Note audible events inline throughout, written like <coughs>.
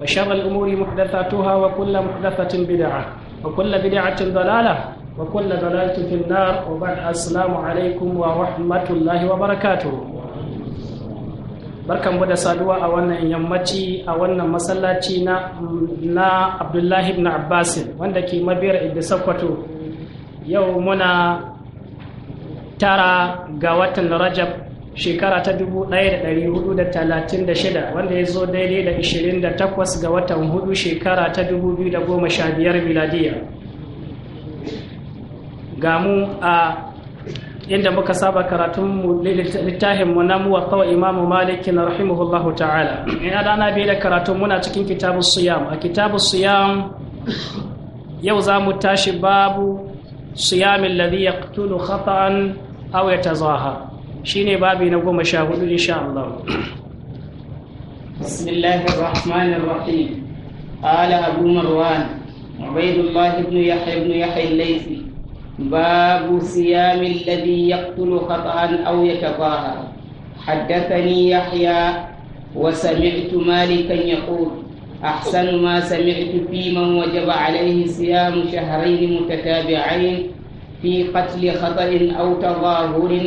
وشر الأمور محدثاتها وكل محدثة بدعة وكل بدعة ضلالة وكل ضلالة في النار وبعد السلام عليكم ورحمة الله وبركاته barkan mu da saduwa a wannan yammaci a wannan masallaci na na abdullahi ibn abbas wanda ke mabiyar idda sakkwato yau muna tara ga watan rajab shekara ta 1436 wanda ya zo daidai da 28 ga watan hudu shekara ta 2015 miladiya ga mu a inda muka saba karatun littafin mu na kawai imamu maliki na rahimahullahu ta'ala ina dana biyu da karatun muna cikin kitabu suyam a kitabu suyam yau za mu tashi babu suyamin ladhi yaqtulu khata'an aw yatazaha شيني بابي na مشاهد إن شاء الله بسم الله الرحمن الرحيم قال أبو مروان عبيد الله بن يحيى بن يحيى الليثي باب صيام الذي يقتل خطأ أو يتطاهر حدثني يحيى وسمعت مالكا يقول أحسن ما سمعت في من وجب عليه صيام شهرين متتابعين في قتل خطأ أو تظاهر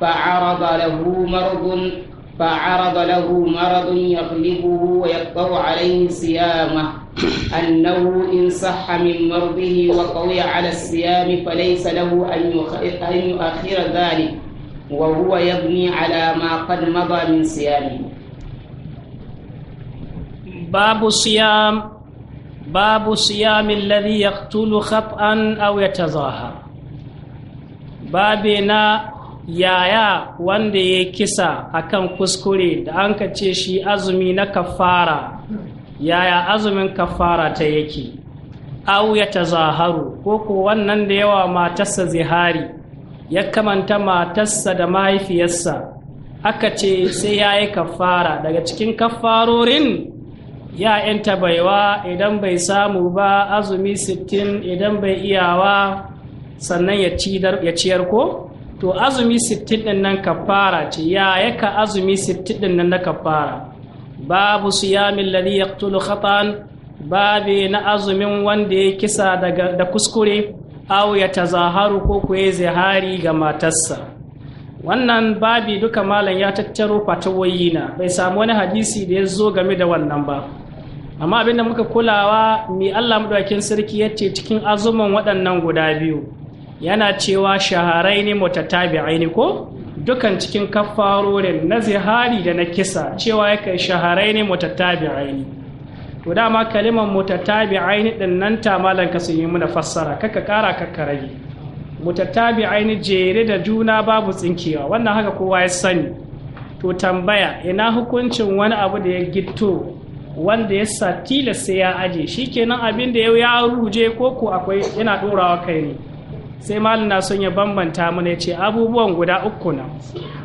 فعرض له مرض فعرض له مرض يغلبه ويقطع عليه صيامه أنه إن صح من مرضه وقوي على الصيام فليس له أن يؤخر ذلك وهو يبني على ما قد مضى من صيامه باب الصيام باب الصيام الذي يقتل خطأ أو يتظاهر بابنا yaya wanda ya kisa akan kuskure da an ka ce shi azumi na kafara yaya azumin kafara ta yake au ya tazaharu ko ko wannan da yawa matarsa zihari ya kamanta matarsa da mahaifiyarsa aka ce sai ya yi kafara daga cikin kafarorin ya'yanta baiwa idan bai samu ba azumi sittin idan bai iyawa sannan ya ciyar ko to azumi sittin din nan kafara ce ya yaka azumi sittin din nan na kafara babu siyamin ladhi yaqtulu khatan babu na azumin wanda ya kisa daga da kuskure au ya tazaharu ko ku zihari ga matarsa wannan babu duka malam ya tattaro fatawoyi na bai samu wani hadisi da ya zo game da wannan ba amma abinda muka kulawa mi Allah madaukakin sarki ya ce cikin azumin waɗannan guda biyu yana cewa shaharai ne shaharaini ne ko dukan cikin kafarorin na zihari da na kisa cewa ya kai shaharaini ne to dama kalimar ne din nan ta malan ka sun yi muna fassara kaka kara kaka rage ne jere da juna babu tsinkewa wannan haka kowa ya sani to tambaya ina hukuncin wani abu da ya gito wanda ya sa tilasta ya aje shikenan abin da ya ruje ko ko akwai yana dorawa kai ne sai malam na son ya bambanta mana ce abubuwan guda uku na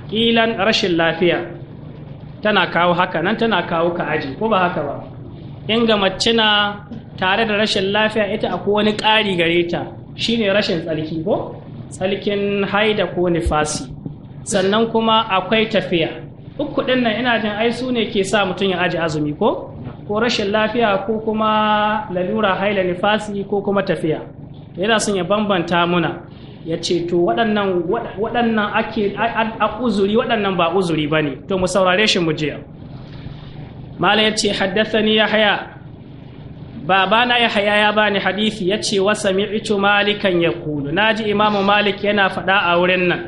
ƙilan rashin lafiya tana kawo haka nan tana kawo ka aji ko ba haka ba in ga macina tare da rashin lafiya ita akwai wani ƙari gare ta shine rashin tsarki ko tsarkin haida ko nifasi sannan kuma akwai tafiya uku ɗin nan ina jin ai su ne ke sa mutum ya aji azumi ko ko rashin lafiya ko kuma lalura haila nifasi ko kuma tafiya yana son ya bambanta muna ya ce to waɗannan ake a uzuri waɗannan ba uzuri ba ne to mu saurare shi mu jiya mala ya ce haddathani ya haya babana ya haya ya bani hadisi ya ce wa sami'tu malikan ya kulu na ji imamu malik yana faɗa a wurin nan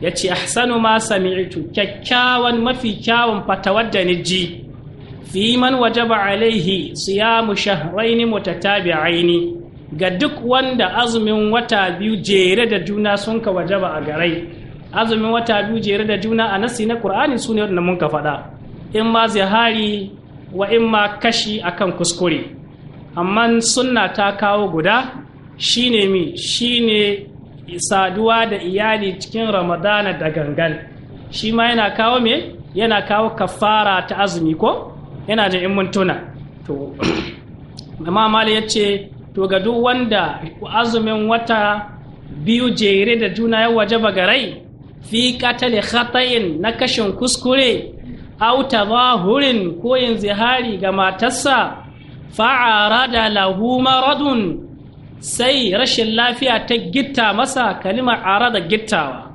ya ce ahsanu ma sami'itu kyakkyawan mafi kyawun fatawar da ni ji fi man wajaba alaihi siyamu shahraini mutatabi'aini ga duk wanda azumin wata biyu jere da juna sun ka wajaba a garai azumin wata biyu jere da juna a nasi na qur'ani sune wanda mun ka faɗa in ma zihari wa in ma kashi akan kuskure amma sunna ta kawo guda shine mi shine saduwa da iyali cikin ramadana da gangan shi ma yana kawo me yana kawo kafara ta azumi ko yana da in mun tuna to <clears throat> amma mali ya ce to ga duk wanda azumin wata biyu jere da juna ya ba garai fi katale likhatayin na kashin kuskure Auta ba hurin koyin zihari ga matarsa fa'arada lahu maradun sai rashin lafiya ta gitta masa kalimar arada gittawa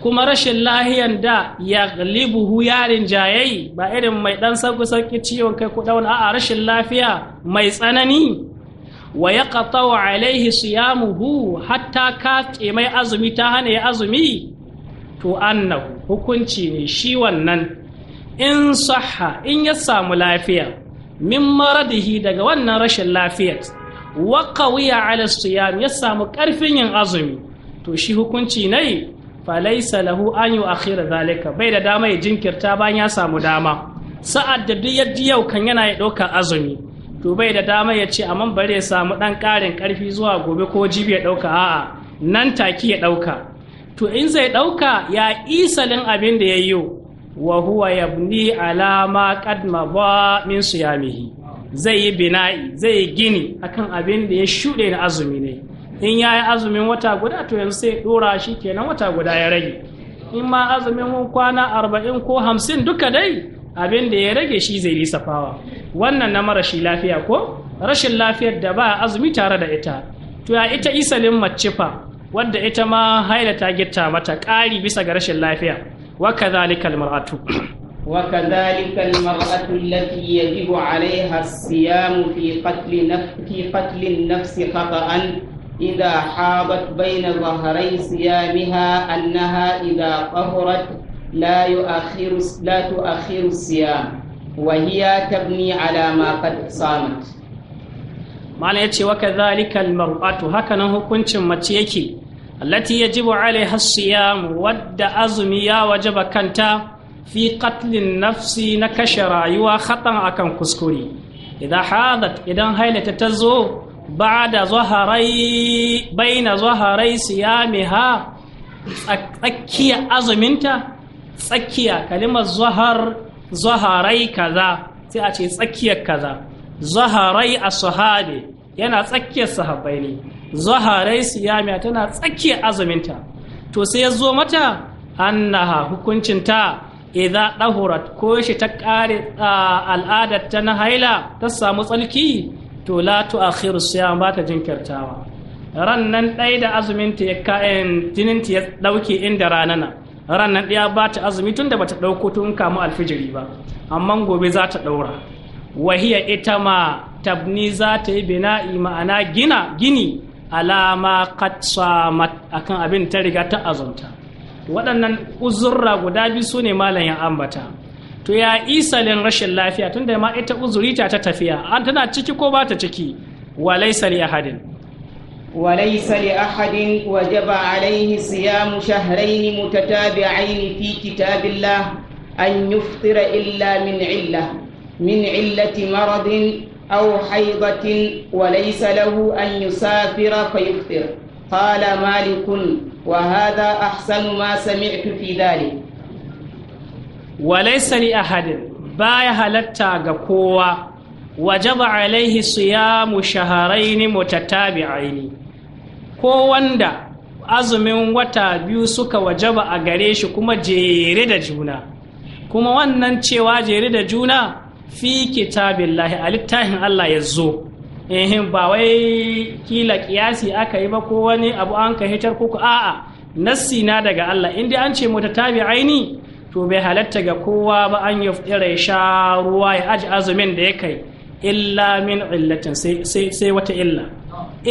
kuma rashin lahiyan da ya buhu yarin jayayi ba irin mai ɗan sarki-sarki ciwon kai ko dauna a'a rashin lafiya mai tsanani wa ya wa alaihi siyamuhu hatta ka mai azumi ta hana ya azumi to annahu hukunci ne shi wannan in saha in ya samu lafiya min maradihi daga wannan rashin lafiya wa qawiya ala siyam ya samu ƙarfin yin azumi to shi hukunci ne falaisa lahu an yi akhira zalika bai da dama ya jinkirta bayan ya samu dama sa'ad da duk yadda yau kan yana ya ɗaukar azumi to bai da dama ya ce amma bare samu ɗan ƙarin ƙarfi zuwa gobe ko jibi ya ɗauka a'a nan take ya ɗauka to in zai ɗauka ya isalin abin da ya yi wa huwa yabni alama qad ba min yamihi zai yi bina'i zai yi gini akan abin da ya shuɗe na azumi ne in ya yi azumin wata guda to yanzu sai ɗora shi kenan wata guda ya rage in ma azumin kwana arba'in ko hamsin duka dai abin da ya rage shi zai safawa wannan na marashi lafiya ko rashin lafiyar da ba azumi tare da ita to ya ita isalin mace fa wadda ita ma haila ta gitta mata ƙari bisa ga rashin lafiya wa kadhalika mar'atu <clears throat> wa kadhalika mar'atu allati yajibu 'alayha as-siyam fi qatl nafsi qatl an nafs khata'an idha habat bayna dhahray siyamha annaha idha qahrat لا يؤخر لا تؤخر الصيام وهي تبني على ما قد صامت معنى يتي وكذلك المرأة هكذا هكونتم متيكي التي يجب عليها الصيام ود أزمي وجب كنتا في قتل النفس نكشرا يوا خطأ أكن كسكري إذا حاضت إذا هيلة تزو بعد ظهري بين ظهري صيامها tsakiya azuminta tsakiya kalimar zuhar zuharai kaza sai a ce tsakiyar kaza zuharai a sahabe yana tsakiyar sahabbai ne zuharai siyamiya tana tsakiyar azuminta to sai ya zo mata annaha hukuncinta idza dahurat ko shi ta kare al'ada ta na haila ta samu tsalki to la akhiru siyam ba ta jinkirtawa ran nan ɗaya da azuminta ya ka'in eh, jininta ya ɗauke inda ranana ranar ɗaya ba ta azumi tun da ba ta ɗauko tun kamu alfijiri ba amma gobe za ta ɗaura wahiya ita ma tabni za ta yi bina'i ma'ana gina gini alama a akan abin ta riga ta azumta waɗannan uzurra guda biyu su ne malam ya ambata to ya isalin rashin lafiya tun da ma ita uzurita ta tafiya an tana ciki ko ba ta ciki wa laisa li ahadin وليس لأحد وجب عليه صيام شهرين متتابعين في كتاب الله أن يفطر إلا من علة من علة مرض أو حيضة وليس له أن يسافر فيفطر قال مالك وهذا أحسن ما سمعت في ذلك وليس لأحد بايا هلتا قوة وجب عليه صيام شهرين متتابعين ko wanda azumin wata biyu suka wajaba a gare shi kuma jere da juna kuma wannan cewa jere da juna fi kitabillahi a littafin Allah ya zo In ba wai kila kiyasi aka yi ba ko wani abu an ka hitar kuku a'a nassi na daga Allah inda an ce mota tabi aini, to bai halatta ga kowa ba an yaftira ya sha ruwa ya aji azumin da ya kai illa min illatin sai wata illa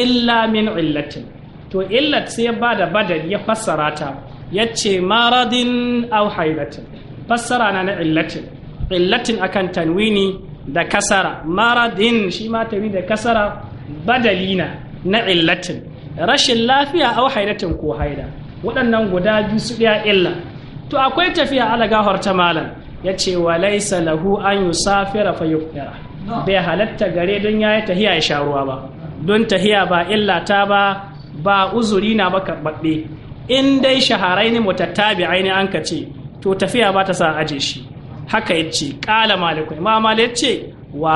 illa min illatin to illat sai ya da badal ya fassara ta yace maradin au haidatin fassara na na illatin illatin akan tanwini da kasara maradin shi ma tanwini da kasara badalina na illatin rashin lafiya au haidatin ko haida waɗannan guda biyu su ɗaya illa to akwai tafiya ala gahar ta malam ya ce wa laisa lahu an yusafira fa yufira bai halatta gare don ya yi tahiya ya sha ruwa ba don tahiya ba illa ta ba ba uzuri na ba karɓaɓɓe in dai shaharai ne mutattabi aini an ka ce to tafiya ba ta sa aje shi haka ya ce ƙala malikun ma malik ce wa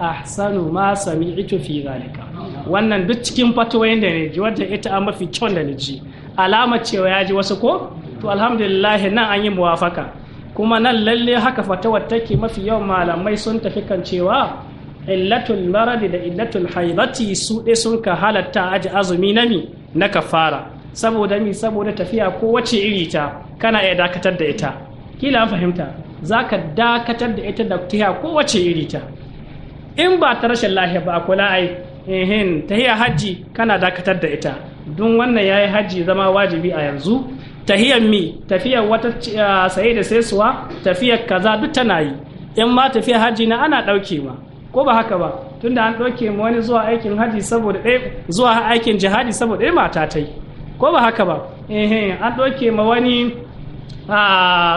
ahsanu ma sami'tu fi zalika wannan duk cikin fatawoyin da ne ji wadda ita a mafi kyau da ji alama cewa ya ji wasu ko to alhamdulillah nan an yi muwafaka kuma nan lalle haka fatawar take mafi yawan malamai sun tafi kan cewa illatul maradi da illatul haibati su ɗe sun ka halatta aji azumi na mi na kafara saboda mi saboda tafiya ko wace iri ta kana iya dakatar da ita kila an fahimta za ka dakatar da ita da tafiya ko wace iri ta in ba ta rashin lahiya ba a kula ai ehin tahiya hajji kana dakatar da ita don wannan ya yi hajji zama wajibi a yanzu tahiyar mi tafiyar wata ah, saye da saisuwa tafiyar kaza duk tana yi in ma tafiyar hajji na ana ɗauke ma ko ba haka ba tunda an ɗauke mu wani zuwa aikin haji saboda ɗaya zuwa aikin jihadi saboda ɗaya mata ta yi ko ba haka ba eh an ɗauke ma wani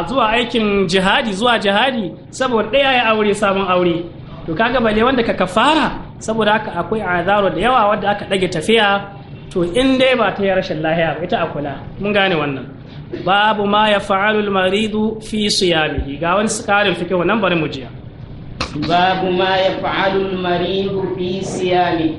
zuwa aikin jihadi zuwa jihadi saboda ɗaya ya aure samun aure to kaga bale wanda ka kafara saboda haka akwai azaro da yawa wanda aka ɗage tafiya to in dai ba ta yi rashin lahiya ba ita a kula mun gane wannan babu ma ya fa'alul maridu fi siyamihi ga wani karin fikin nan bari mu jiya باب ما يفعل المريض في صيامه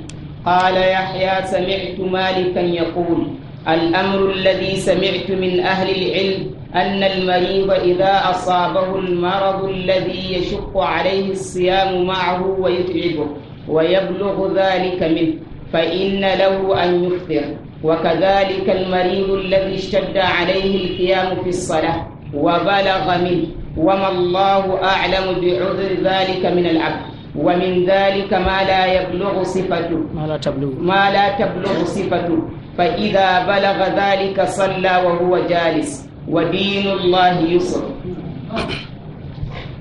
قال يحيى سمعت مالكا يقول الأمر الذي سمعت من أهل العلم أن المريض إذا أصابه المرض الذي يشق عليه الصيام معه ويتعبه ويبلغ ذلك منه فإن له أن يفطر وكذلك المريض الذي اشتد عليه القيام في الصلاة وبلغ منه وما الله أعلم بعذر ذلك من العبد ومن ذلك ما لا يبلغ صفته ما لا تبلغ ما لا تبلغ صفته فإذا بلغ ذلك صلى وهو جالس ودين الله يسر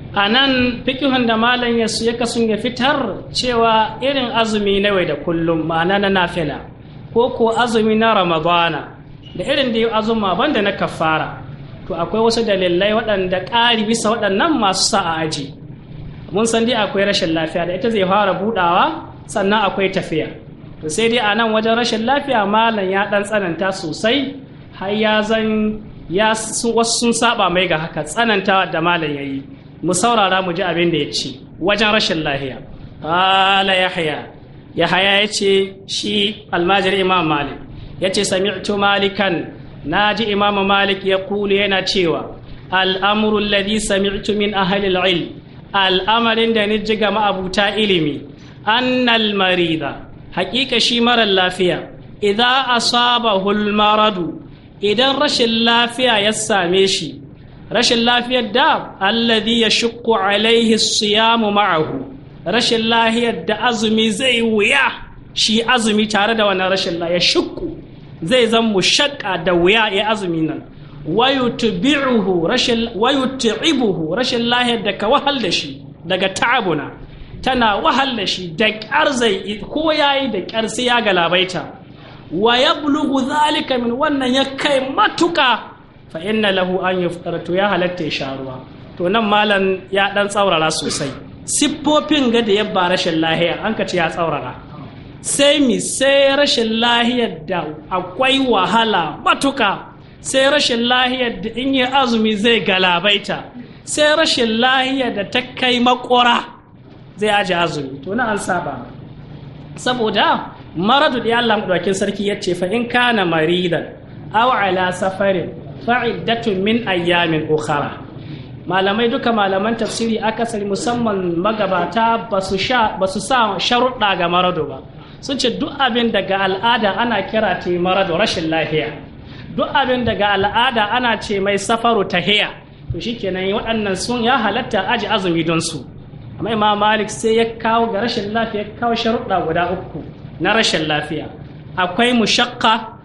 anan fikihun da malam ya su yaka sun ya fitar cewa irin azumi na wai da kullum ma'ana na nafila ko ko azumi na ramadana da irin da ya azuma banda na kafara to akwai wasu dalilai waɗanda ƙari bisa waɗannan masu sa a aji mun san dai akwai rashin lafiya da ita zai fara buɗawa sannan akwai tafiya to sai dai a nan wajen rashin lafiya malam ya ɗan tsananta sosai har ya zan ya wasu sun saba mai ga haka tsanantawa da malam ya yi mu saurara mu ji abin da ya ce wajen rashin lafiya ala yahya yahya ya ce shi almajir imam malik ya ce sami'tu malikan na ji imamu malik ya kulu yana cewa al'amurul ladhi sami'tu min ahlil 'ilm al'amarin da ni ji ga ma'abuta ilimi annal marida haƙiƙa shi marar lafiya idza a saba maradu idan rashin lafiya ya same shi rashin lafiyar da alladhi yashqu alaihi siyamu ma'ahu rashin lahiyar da azumi zai wuya shi azumi tare da wannan rashin lafiya shukku zai zan mu shakka da wuya ya azumi nan wayu rashin rashin lahiyar da ka wahal da shi daga ta'abuna tana wahal da shi da ƙyar zai ko yi da ƙyar sai ya galabaita wa bulugu zalika min wannan ya kai matuka fa inna lahu an yi to ya halatta ya sharuwa to nan malam ya dan tsaurara sosai siffofin ga da ya ba rashin lahiya an ka ce ya tsaurara sai mi sai rashin lahiyar da akwai wahala matuka sai rashin lahiyar da in yi azumi zai galabaita sai rashin lahiyar da ta kai makora zai aji azumi to na an saba saboda maradu da Allah mudaukin sarki ya ce fa in kana maridan aw ala safarin fa iddatun min ayyamin ukhra malamai duka malaman tafsiri akasari musamman magabata ba su sa sharuɗa ga maradu ba sun ce duk abin daga al'ada ana kira ta da rashin lafiya duk abin daga al'ada ana ce mai safaru ta tahiya to shikenan waɗannan sun ya halatta aji azumi don su amma imam malik sai ya kawo ga rashin lafiya ya kawo sharuɗa guda uku na rashin lafiya akwai mushakka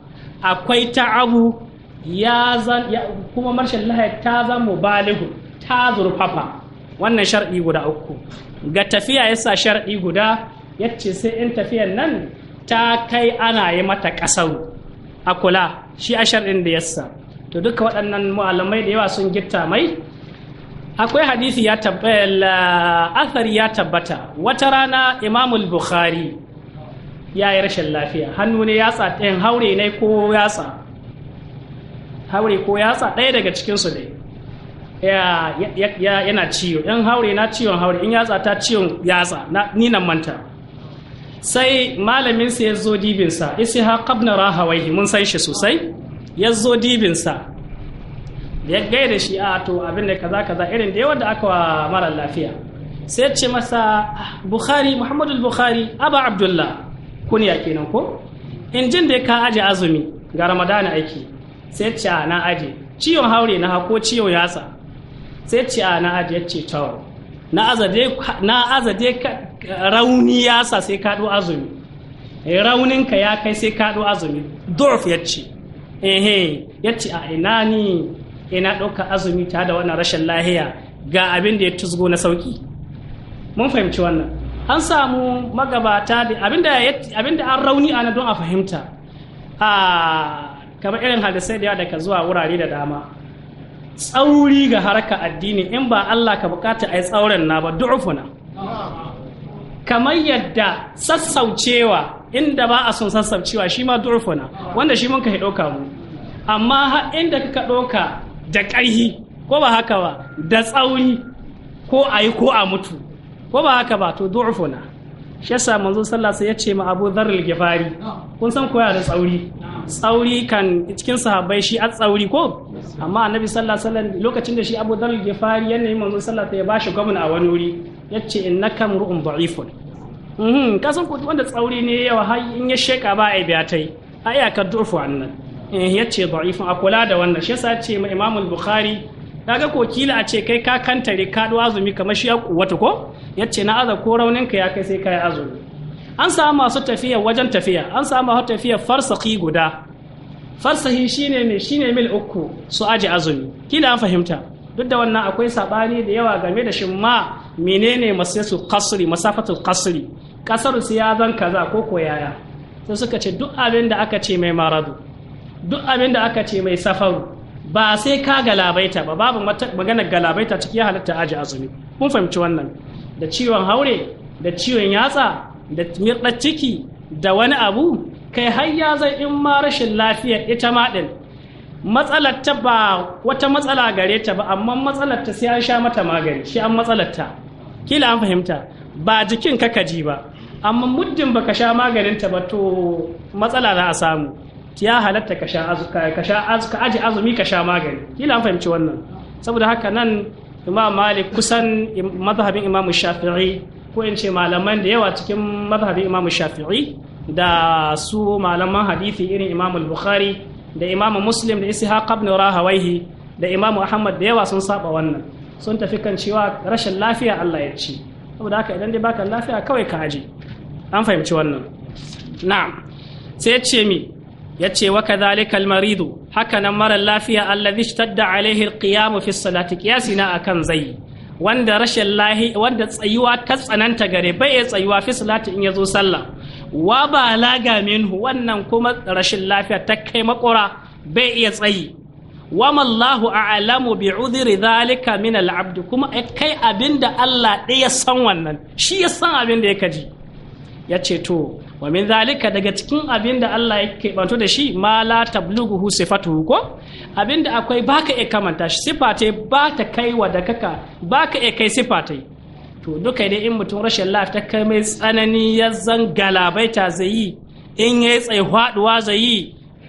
akwai ta'abu ya zan kuma rashin lahiya ta zan mubalihu ta zurfafa wannan sharɗi guda uku ga tafiya yasa sharɗi guda yace sai in tafiyan nan ta kai ana yi mata kasau a kula shi ashar din da yassa to duka waɗannan mu'alamai da yawa sun gitta mai akwai hadisi ya tabbata athari ya tabbata wata rana imamul bukhari ya yi rashin lafiya hannu ne yatsa ɗin haure ne ko yatsa haure ko yatsa ɗaya daga cikinsu ne yana ciwo in haure na ciwon haure in yatsa ta ciwon yatsa ni nan manta sai malaminsa ya zo dibinsa ha ibn rahawaihi mun san shi sosai ya zo dibinsa da ya gaida shi a to abin da kaza kaza irin da yawa da aka wa mara lafiya sai ce masa ah, bukhari muhammadu bukhari aba abdullah kunya kenan ko injin da ka aje azumi ga ramadana aiki sai ce a na aje ciwon haure na hako ciwon yatsa sai ce a na aje ya ce tawo na azade rauni ya sa sai ka ɗo azumi eh, rauninka ya kai sai ka ɗo azumi dorf ya ce ehe ya ce a ina ni ina ɗauka azumi ta da wannan rashin lahiya ga abin da ya tusgo na sauki mun fahimci wannan an samu magabata da abin da an rauni ana don a fahimta a kamar irin hadisai da daga zuwa wurare da dama tsauri ga harka addini in ba Allah ka bukata a yi tsauren na ba du'ufuna kamar yadda sassaucewa inda ba a son sassaucewa shi ma durfuna wanda shi mun ka ɗauka mu amma inda ka ɗauka da ƙarhi ko ba haka ba da tsauri ko a yi ko a mutu ko ba haka ba to durfuna shi sa manzo sallallahu ya ce ma Abu zarar gifari kun san koya da tsauri tsauri kan cikin sahabbai shi a tsauri ko amma annabi sallah alaihi lokacin da shi Abu zarar gifari ya nemi manzo sallallahu ya bashi gwamna a wani wuri Ya ce yace innaka mur'un da'ifun mhm, kasan kudu wanda tsauri ne yawa har in ya sheka ba a biya tai a iyakar durfu annan eh, Ya ce da'ifun a kula da wannan shi yasa ce Imam al-Bukhari kaga ko kila a ce kai ka kantare ka azumi kamar shi ya wata ko Ya ce na aza ko raunin ka ya kai sai ka yi azumi an samu masu tafiya wajen tafiya an samu masu tafiya farsaki guda farsahi shine ne shine mil uku su ajiye azumi kila an fahimta duk da wannan akwai sabani da yawa game da shin ma menene masu kasri masafatul kasri kasar su ya zan kaza ko ko yaya sai suka ce duk abin da aka ce mai maradu duk abin da aka ce mai safaru ba sai ka galabaita ba babu magana galabaita ciki ya halitta aji azumi mun fahimci wannan da ciwon haure da ciwon yatsa da mirɗar ciki da wani abu kai har ya zai in ma rashin lafiyar ita ma ɗin matsalar ba wata matsala gare ta ba amma matsalar ta sai an sha mata magani shi an matsalarta. kila an fahimta ba jikin ka ji ba amma muddin baka sha maganin ta ba to matsala za a samu ya halatta ka sha ka sha aji azumi ka sha magani kila an fahimci wannan saboda haka nan imam malik kusan mazhabin imam shafi'i ko in ce malaman da yawa cikin mazhabin imam shafi'i da su malaman hadithi irin imam al-bukhari da imam muslim da ishaq ibn rahawaihi da imam ahmad da yawa sun saba wannan sun tafi kan cewa rashin lafiya Allah ya ci saboda haka idan dai baka lafiya kawai ka aje an fahimci wannan na'am sai ya ce mi ya ce wa kadhalika al haka nan mara lafiya alladhi ishtadda alaihi al-qiyam fi salati qiyasi na akan zai wanda rashin lahi wanda tsayuwa ta tsananta gare bai ya tsayuwa fi salati in yazo sallah wa ba laga minhu wannan kuma rashin lafiya ta kai makura bai iya tsayi wamallahu a'lamu bi udhri dhalika min al'abd kuma eh, kai abinda Allah ɗaya san wannan shi ya san da ya kaji ya ce to wa min zalika daga cikin abinda Allah ya bato da shi ma la tablughu sifatuhu ko abinda akwai baka e kamanta shi sifatai ba ta kai wa da kaka baka e kai sifatai to duka ne in mutum rashin lafiya ta kai mai tsanani ya zan galabaita zai yi in ya tsaye faduwa zai yi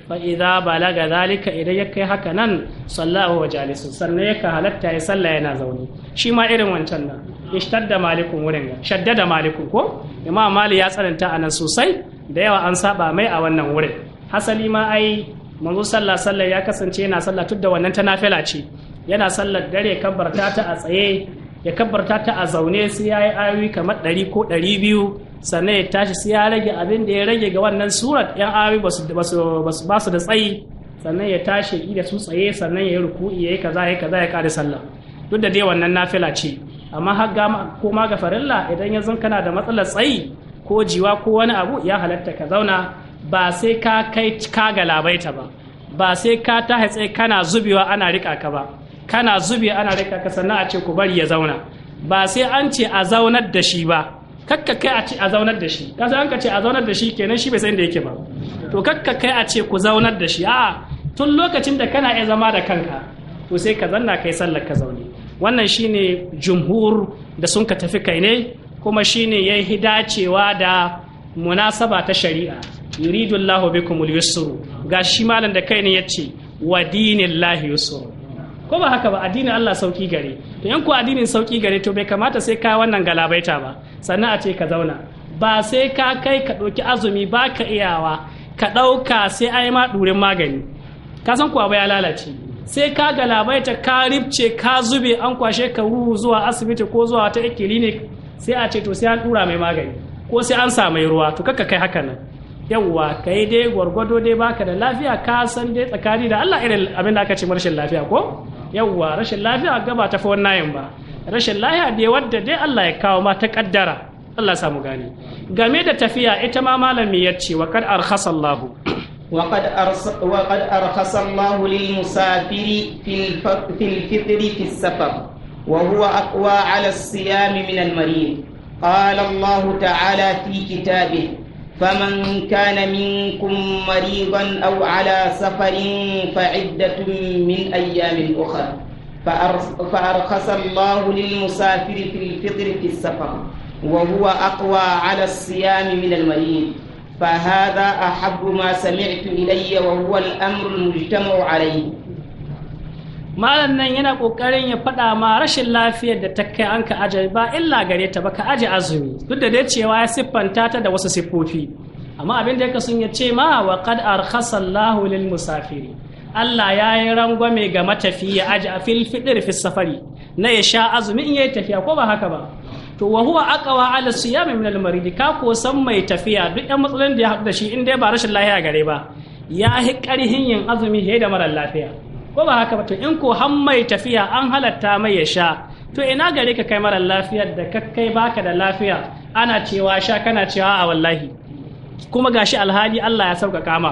fa idza balaga zalika idan ya kai haka nan sallahu wa jalisun sannan yaka halatta ya salla yana zaune shi ma irin wancan nan ishtadda malikun wurin ga shaddada malikun ko imam mali ya tsananta anan sosai da yawa an saba mai a wannan wurin hasali ma ai manzo sallah sallah ya kasance yana sallah tun da wannan ta nafila ce yana sallar dare kabbarta ta a tsaye ya kabbarta ta a zaune sai ya yi ayoyi kamar ɗari ko ɗari biyu sannan ya tashi sai ya rage abin da ya rage ga wannan surat yan awi ba su da tsayi sannan ya tashi ida su tsaye sannan ya yi ruku'i ya yi kaza ya kaza ya kare sallah duk da dai wannan nafila ce amma har ga ma ga farilla idan ya zan kana da matsalar tsayi ko jiwa ko wani abu ya halatta ka zauna ba sai ka kai ka labaita ba ba sai ka ta tsaye kana zubewa ana rika ka ba kana zubewa ana rika ka sannan a ce ku bari ya zauna ba sai an ce a zaunar da shi ba kakka kai a ce a zaunar da shi ka an ka ce a zaunar da shi kenan shi bai san da yake ba to kakka kai a ce ku zaunar da shi a tun lokacin da kana iya zama da kanka to sai ka zanna kai sallar ka zaune wannan shine jumhur da sun ka tafi kai ne kuma shine ya yi dacewa da munasaba ta shari'a yuridullahu bikumul yusru ga shi malam da kai ne yace wa dinillahi yusru ko ba haka ba addinin Allah sauki gare to yan ko addinin sauki gare to bai kamata sai ka wannan galabaita ba sannan a ce ka zauna ba sai ka kai ka ɗauki azumi ba ka iyawa ka ɗauka sai ai ma ɗurin magani ka san kuwa ba ya lalace sai ka galabaita ka ribce ka zube an kwashe ka ruhu zuwa asibiti ko zuwa ta clinic sai a ce to sai an ɗura mai magani ko sai an sa mai ruwa to kakka kai haka nan yawwa kai dai gwargwado dai baka da lafiya ka san dai tsakani da Allah irin abin da aka ce rashin lafiya ko yawwa rashin lafiya gaba ta fa wannan ba rashin lafiya dai wadda dai Allah ya kawo ma ta kaddara Allah samu gani game da tafiya ita ma malami ya ce wa kad arkhasa Allah wa kad arkhasa Allah lil musafiri fil fitri fis safar wa huwa aqwa ala siyam min al-marid qala Allah ta'ala fi kitabihi فمن كان منكم مريضا أو على سفر فعدة من أيام أخرى فأرخص الله للمسافر في الفطر في السفر وهو أقوى على الصيام من المريض فهذا أحب ما سمعت إلي وهو الأمر المجتمع عليه malam nan yana kokarin ya faɗa ma rashin lafiyar da ta kai an ka aje ba illa gare ta ba ka aje azumi duk da dai cewa ya siffanta ta da wasu siffofi amma abin da ya sun ya ce ma wa qad arkhasa Allahu lil musafiri Allah ya yi rangwame ga matafi ya aje a fil fi safari na ya sha azumi in yayi tafiya ko ba haka ba to wa huwa aqwa ala siyami min al marid ka ko san mai tafiya duk ɗan matsalolin da ya haɗu da shi in dai ba rashin lafiya gare ba ya hi yin azumi he da marar lafiya ko ba haka ba to in ko han mai tafiya an halatta mai ya sha to ina gare ka kai mara lafiyar da ka kai baka da lafiya ana cewa sha kana cewa a wallahi kuma gashi alhali Allah ya sauƙaƙa ma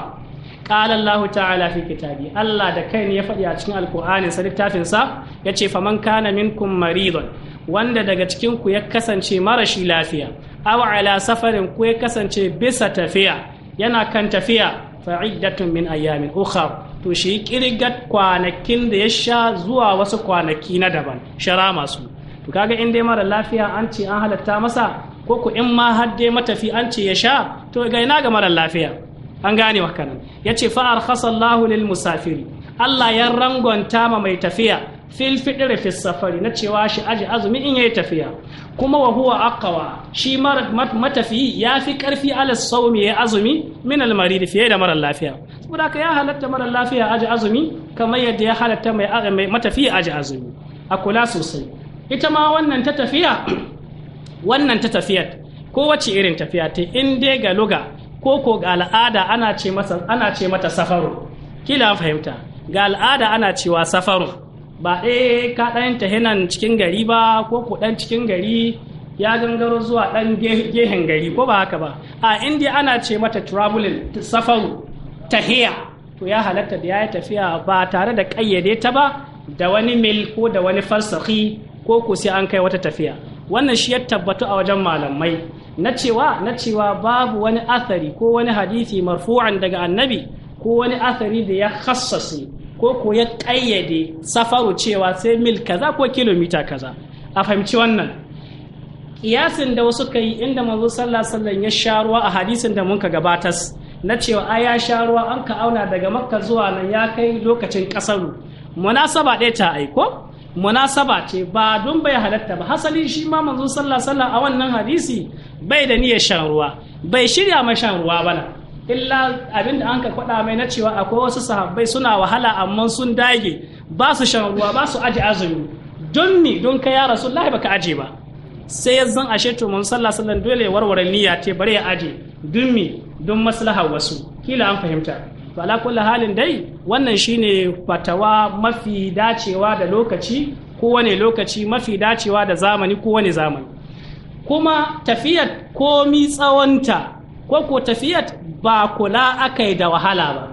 qala Allah ta'ala fi kitabi Allah da kai ne ya faɗi a cikin alqur'anin sa littafin sa yace faman kana minkum maridun wanda daga cikin ku ya kasance marashi lafiya aw ala safarin ku ya kasance bisa tafiya yana kan tafiya fa'iddatun min ayyamin ukhra to shi kirgat kwanakin da ya sha zuwa wasu kwanaki na daban shara masu to kaga in dai mara lafiya an ce an halatta masa ko ku in ma har dai matafi an ce ya sha to ga ina ga mara lafiya an gane wa kanan yace fa arkhasallahu lil musafiri Allah ya rangonta ma mai tafiya fil fi safari na cewa shi aji azumi in yayi tafiya kuma wa huwa aqwa shi matafiyi ya fi karfi ala sawmi ya azumi min al marid fiye da mara lafiya saboda ka ya halatta mara lafiya aji azumi kamar yadda ya halatta mai matafiyi aji azumi a kula sosai ita ma wannan ta tafiya <coughs> wannan ta tafiyar kowace irin tafiya ta in dai ga luga ko ko ga al'ada ana ce mata safaru kila fahimta ga al'ada ana cewa safaru ba ɗaya ka ɗan tahinan cikin gari ba ko ku ɗan cikin gari ya gangaro zuwa ɗan gehen gari ko ba haka ba a indiya ana ce mata traveling safaru tahiya to ya halatta da ya yi tafiya ba tare da ƙayyade ta ba da wani mil ko da wani falsafi ko ku sai an kai wata tafiya wannan shi ya tabbatu a wajen malamai na cewa na cewa babu wani athari ko wani hadisi marfu'an daga annabi ko wani athari da ya khassasi ko ko ya ƙayyade safaru cewa sai mil kaza ko kilomita kaza a fahimci wannan kiyasin da wasu kai inda manzo sallallahu sallam ya sha ruwa a hadisin da muka gabatas na cewa a ya sha ruwa an ka auna daga makka zuwa nan ya kai lokacin kasaru munasaba ɗaya ta aiko munasaba ce ba don bai halatta ba hasali shi ma manzo sallallahu sallam a wannan hadisi bai da niyyar shan ruwa bai shirya ma shan ruwa bana illa abin da an ka faɗa mai na cewa akwai wasu sahabbai suna wahala amma sun dage ba su shan ruwa ba su aji azumi don ni don ka ya rasulullahi baka aje ba sai ya zan ashe to mun sallah sallan dole warware niyya te bare ya aje don mi don maslaha wasu kila an fahimta to ala kulli halin dai wannan shine fatawa mafi dacewa da lokaci ko wane lokaci mafi dacewa da zamani ko wane zamani kuma tafiyar komi tsawonta ko ko tafiyar ba kula aka yi da wahala ba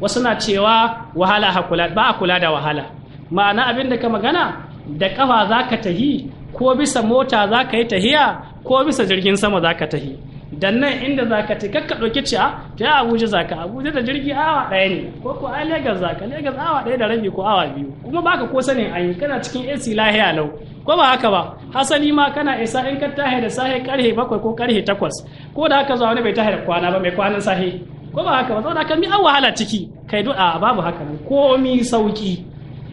wasu na cewa wahala hakula ba a kula da wahala ma'ana abin da ka magana da kafa za ka tahi ko bisa mota za ka yi tahiya ko bisa jirgin sama za ka tahi dan nan inda zaka ta kakka ɗauki ciya ta ya abuja zaka abuja da jirgi awa daya ne ko ko ai legas zaka legas awa daya da rabi ko awa biyu kuma baka ko sanin an yi kana cikin ac lahiya lau ko ba haka ba hasali ma kana isa in ka tahe da sahe karhe bakwai ko karhe takwas ko da haka zuwa wani bai tahe da kwana ba mai kwanan sahe ko ba haka ba saboda kan mi an wahala ciki kai a babu haka nan komi sauki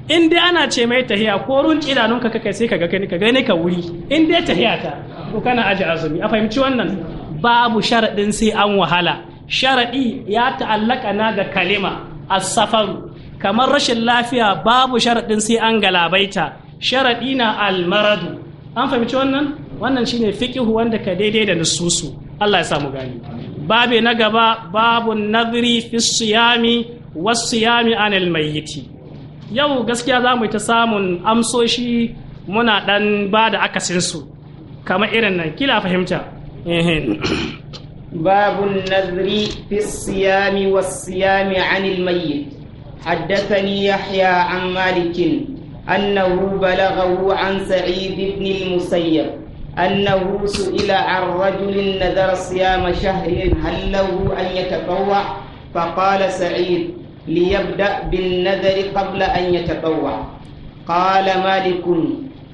in dai ana ce mai tahiya ko run idanunka kai sai ka ga ka gani ka wuri in dai tahiya ta ko kana aji azumi a fahimci wannan babu sharaɗin sai an wahala sharaɗi ya ta'allaka na ga kalima a safaru kamar rashin lafiya babu sharaɗin sai an galabaita sharaɗi na almaradu an fahimci wannan wannan shine fiqihu wanda ka daidai da nususu Allah ya samu gani Babu na gaba babu nadri fi siyami wasu siyami anil mayyiti yau gaskiya za mu ta samun amsoshi muna ɗan ba da akasinsu kamar irin nan kila fahimta إيه. باب النذر في الصيام والصيام عن الميت حدثني يحيى عن مالك أنه بلغه عن سعيد بن المسيب أنه سئل عن رجل نذر صيام شهر هل له أن يتطوع فقال سعيد ليبدأ بالنذر قبل أن يتطوع قال مالك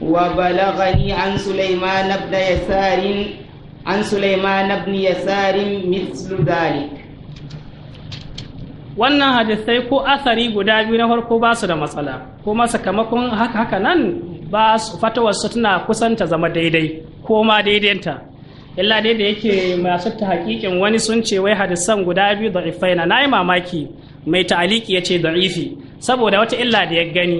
وبلغني عن سليمان بن يسار an Sulaiman بن يسار مثل ذلك wannan hadisai ko asari guda biyu na farko ba su da matsala ko sakamakon haka haka nan ba su su tana kusanta zama daidai ko ma daidaita illa dai da yake masu ta hakikin wani sun ce wai hadisan guda biyu da ifaina na yi mamaki mai ta'aliki ya ce ifi saboda wata illa da ya gani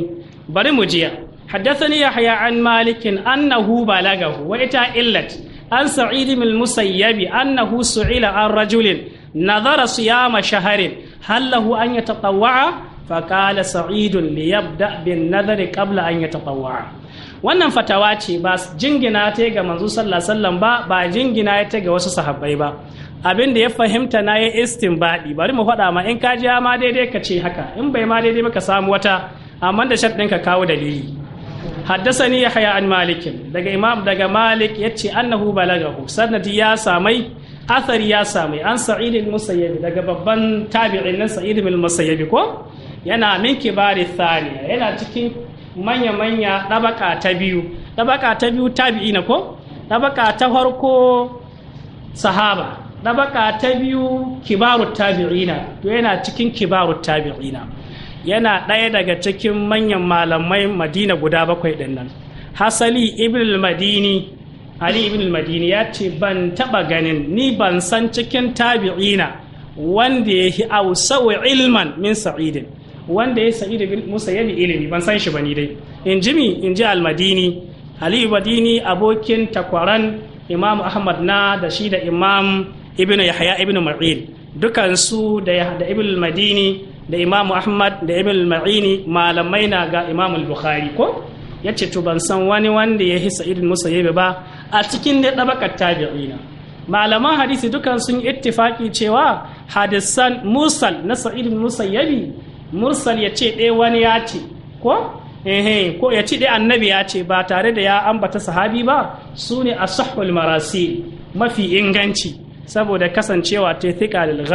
bari mu jiya ya yahya an malikin annahu balagahu wa ita illat an sa'idi bin musayyabi annahu su'ila an rajulin nazara siyama shaharin hallahu lahu an yatatawwa fa qala sa'id yabda bin nadhari qabla an yatatawwa wannan fatawa ce ba jingina ta ga manzo sallallahu alaihi wasallam ba ba jingina ta ga wasu sahabbai ba abin da ya fahimta na ya baɗi bari mu faɗa ma in ka ji ma daidai ka ce haka in bai ma daidai ba ka samu wata amma da shart ɗin ka kawo dalili haddasani yahya an malikin daga imam daga malik yace annahu balagahu sanadi ya samai athari ya samai an sa'id al daga babban tabi'in nan sa'id al-musayyib ko yana min kibari yana cikin manya manya dabaka ta biyu dabaka ta biyu tabi'ina ko dabaka ta farko sahaba dabaka ta biyu kibaru tabi'ina to yana cikin kibaru tabi'ina yana ɗaya daga cikin manyan malamai madina guda bakwai ɗin nan hasali ibn madini ali ibn madini ya ce ban taɓa ganin ni ban san cikin tabi'ina wanda ya yi ausawa ilman min sa'idin wanda ya sa'id bin musa ya ilimi ban san shi ba ni dai in ji mi in ji almadini ali madini abokin takwaran imam ahmad na da shi da imam ibn yahya ibn ma'il dukansu da da ibn madini da imamu ahmad da ibn ma'ini malamai na ga imamu bukhari ko ya ce to ban san wani wanda ya hisa irin musayyabi ba a cikin da ɗabakar tabi'ina malaman hadisi dukan sun ittifaki cewa hadisan mursal na sa'id musayyabi mursal ya ce ɗaya wani ya ce ko ehe ko ya ce dai annabi ya ce ba tare da ya ambata sahabi ba su ne a sahul marasi mafi inganci saboda kasancewa ta thika lil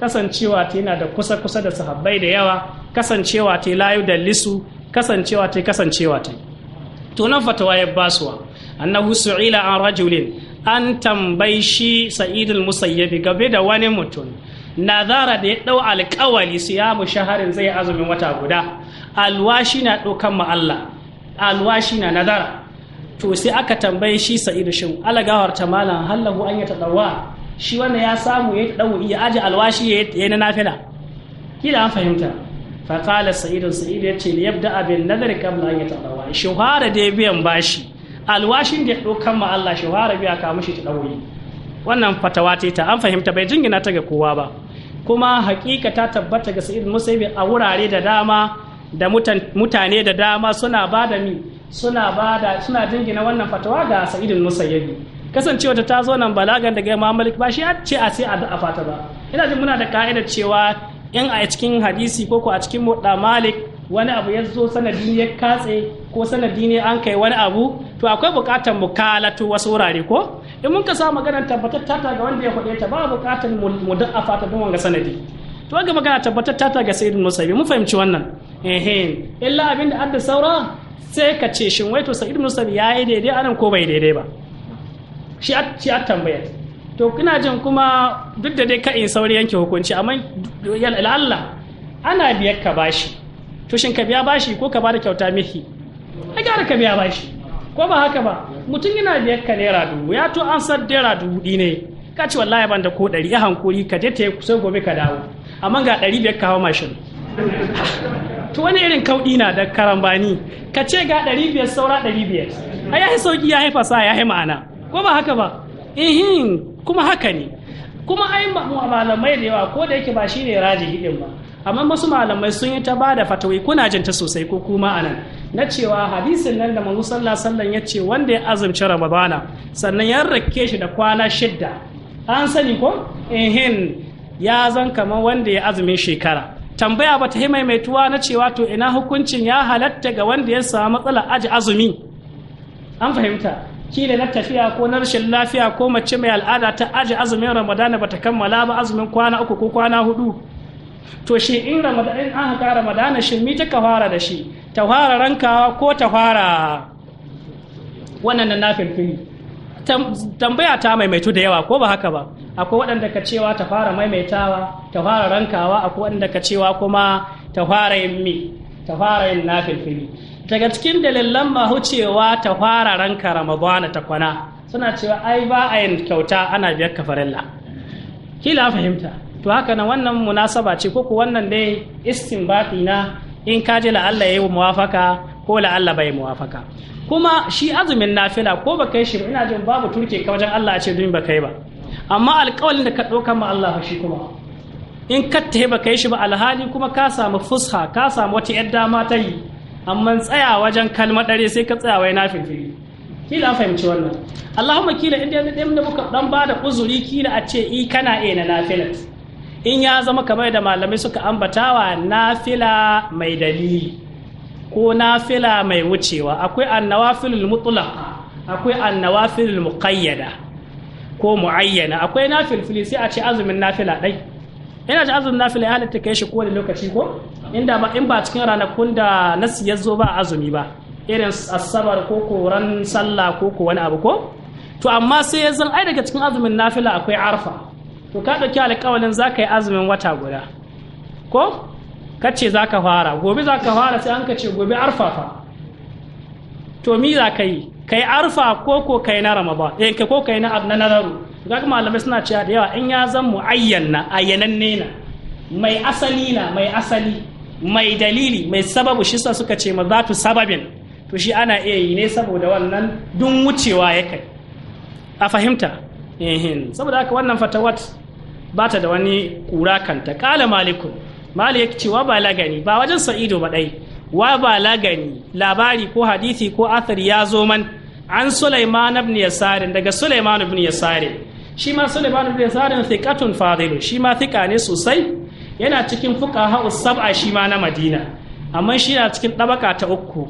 kasancewa ta yana da kusa kusa da sahabbai da yawa kasancewa ta layu da lisu kasancewa ta kasancewa ta to nan fatawa ya basuwa annahu su'ila an rajulin an tambayi shi sa'idul musayyabi game da wani mutum nazara da ya ɗau alƙawali siyamu shaharin zai azumin wata guda alwashi na ɗaukan ma Allah alwashi na nazara to sai aka tambaye shi sa'idu shin alagawar ta malam hallahu an ya tadawa shi wannan ya samu ya dawo ya aje alwashi ya yi na nafila kila an fahimta fa qala sa'idu sa'idu yace li yabda bin nadari qabla an ya tadawa shi fara da biyan bashi alwashin da ya dokan ma Allah shi fara biya ka mushi ta dawo wannan fatawa ta ta an fahimta bai jingina ta ga kowa ba kuma hakika ta tabbata ga sa'idu musaibi a wurare da dama da mutane da dama suna ba da mi suna da suna jingina wannan fatawa ga saidin musa musayyibi kasancewa ta zo nan balagan daga Imam Malik ba shi ce a sai a fata ba ina jin muna da ka'idar cewa in a cikin hadisi ko ko a cikin mudda Malik wani abu ya zo sanadi ne ya katse ko sanadi ne an kai wani abu to akwai bukatar mu kalatu wasu wurare ko in mun ka sa magana tabbatar ta ga wanda ya faɗe ta ba bukatar mu da'a fata don wanga sanadi to ga magana tabbatar ta ga sayyidin musabi mun fahimci wannan ehe illa abinda adda saura sai ka ce shin wai to sa'id ibn ya yi daidai anan ko bai daidai ba shi shi tambaya to ina jin kuma duk da dai ka in sauri yanke hukunci amma Allah ana biyar ka bashi to shin ka biya bashi ko ka bada kyauta mihi a gara ka biya bashi ko ba haka ba mutum yana biyar ka naira dubu ya to an san naira dubu ne ka ce wallahi ban da ko ɗari ya hankuri ka je ta yi kusan gobe ka dawo amma ga ɗari biyar ka hau mashin <laughs> to wani irin kauɗi na da karambani ka ce ga ɗari biyar saura ɗari biyar a ya yi sauƙi ya yi fasa ya yi ma'ana ko ba haka ba ihin kuma haka ne kuma ai malamai da yawa ko da yake ba shine raji hidin ba amma wasu malamai sun yi ta ba da fatawai, kuna jin ta sosai ko kuma anan na cewa hadisin nan da manzo sallallahu alaihi wasallam ya ce wanda ya azumci ramadana sannan ya rake shi da kwana shidda an sani ko Ihin. ya zan kamar wanda ya azumin shekara tambaya ba ta maimaituwa na cewa to ina hukuncin ya halatta ga wanda ya samu matsala aji azumi an fahimta ne na tafiya ko na rashin lafiya ko mace mai al'ada ta aji azumin ramadana ta kammala ba azumin kwana uku ko kwana hudu to shi in ramadana an haka ramadana shin mi ta fara da shi ta fara rankawa ko ta fara wannan na nafilfili tambaya ta maimaitu da yawa ko ba haka ba akwai waɗanda ka cewa ta fara maimaitawa ta fara rankawa akwai waɗanda ka cewa kuma ta fara yin mi ta fara yin nafilfili daga cikin dalilan ma cewa ta fara ranka ramadana ta kwana suna cewa ai ba a yin kyauta ana biyar kafarilla kila fahimta to haka nan wannan munasaba ce ko ku wannan dai istinbati na in kaji la'alla ya yi muwafaka ko la'alla bai muwafaka kuma shi azumin nafila ko ba kai shi ba ina jin babu turke ka wajen Allah a ce dun ba kai ba amma alƙawalin da ka ɗauka ma Allah shi kuma in ka tahi ba kai shi ba alhali kuma ka samu fusha ka samu wata yar dama ta yi amma tsaya wajen kalmar dare sai ka tsaya wai fili. kila fahimci wannan Allahumma kila in da mun muka dan bada uzuri kila a ce i kana e na nafila in ya zama kamar da malamai suka ambatawa nafila mai dalili ko nafila mai wucewa akwai annawafilul mutlaq akwai annawafilul muqayyada ko muayyana akwai fili sai a ce azumin nafila dai ina ji azumin nafila ya halatta kai shi ko da lokaci ko inda ba in ba cikin ranakun da nasi ya zo ba azumi ba irin asabar ko koran sallah ko ko wani abu ko to amma sai ya zan ai daga cikin azumin nafila akwai arfa to ka dauki alƙawalin za yi azumin wata guda ko kace za ka fara gobe za ka fara sai an ka ce gobe arfafa to mi za ka yi kai arfa ko ko kai na ramadan eh kai ko kai na na nazaru ka malamai suna cewa da yawa in ya zan mu ayyana ayyananne na mai asali na mai asali mai dalili mai sababu shi sa suka ce mazatu sababin to shi ana iya yi ne saboda wannan dun wucewa ya kai a fahimta saboda haka wannan fatawat ba ta da wani kura kanta kala malikun Malik yake cewa ba lagani ba wajen sa'ido ba dai wa ba lagani labari ko hadisi ko athari ya zo man an Sulaiman ibn yasar daga Sulaiman ibn yasar shi ma Sulaiman ibn ne thiqatun fadil shi ma thiqa ne sosai yana cikin fuqaha sab'a shi ma na Madina amma shi na cikin dabaka ta uku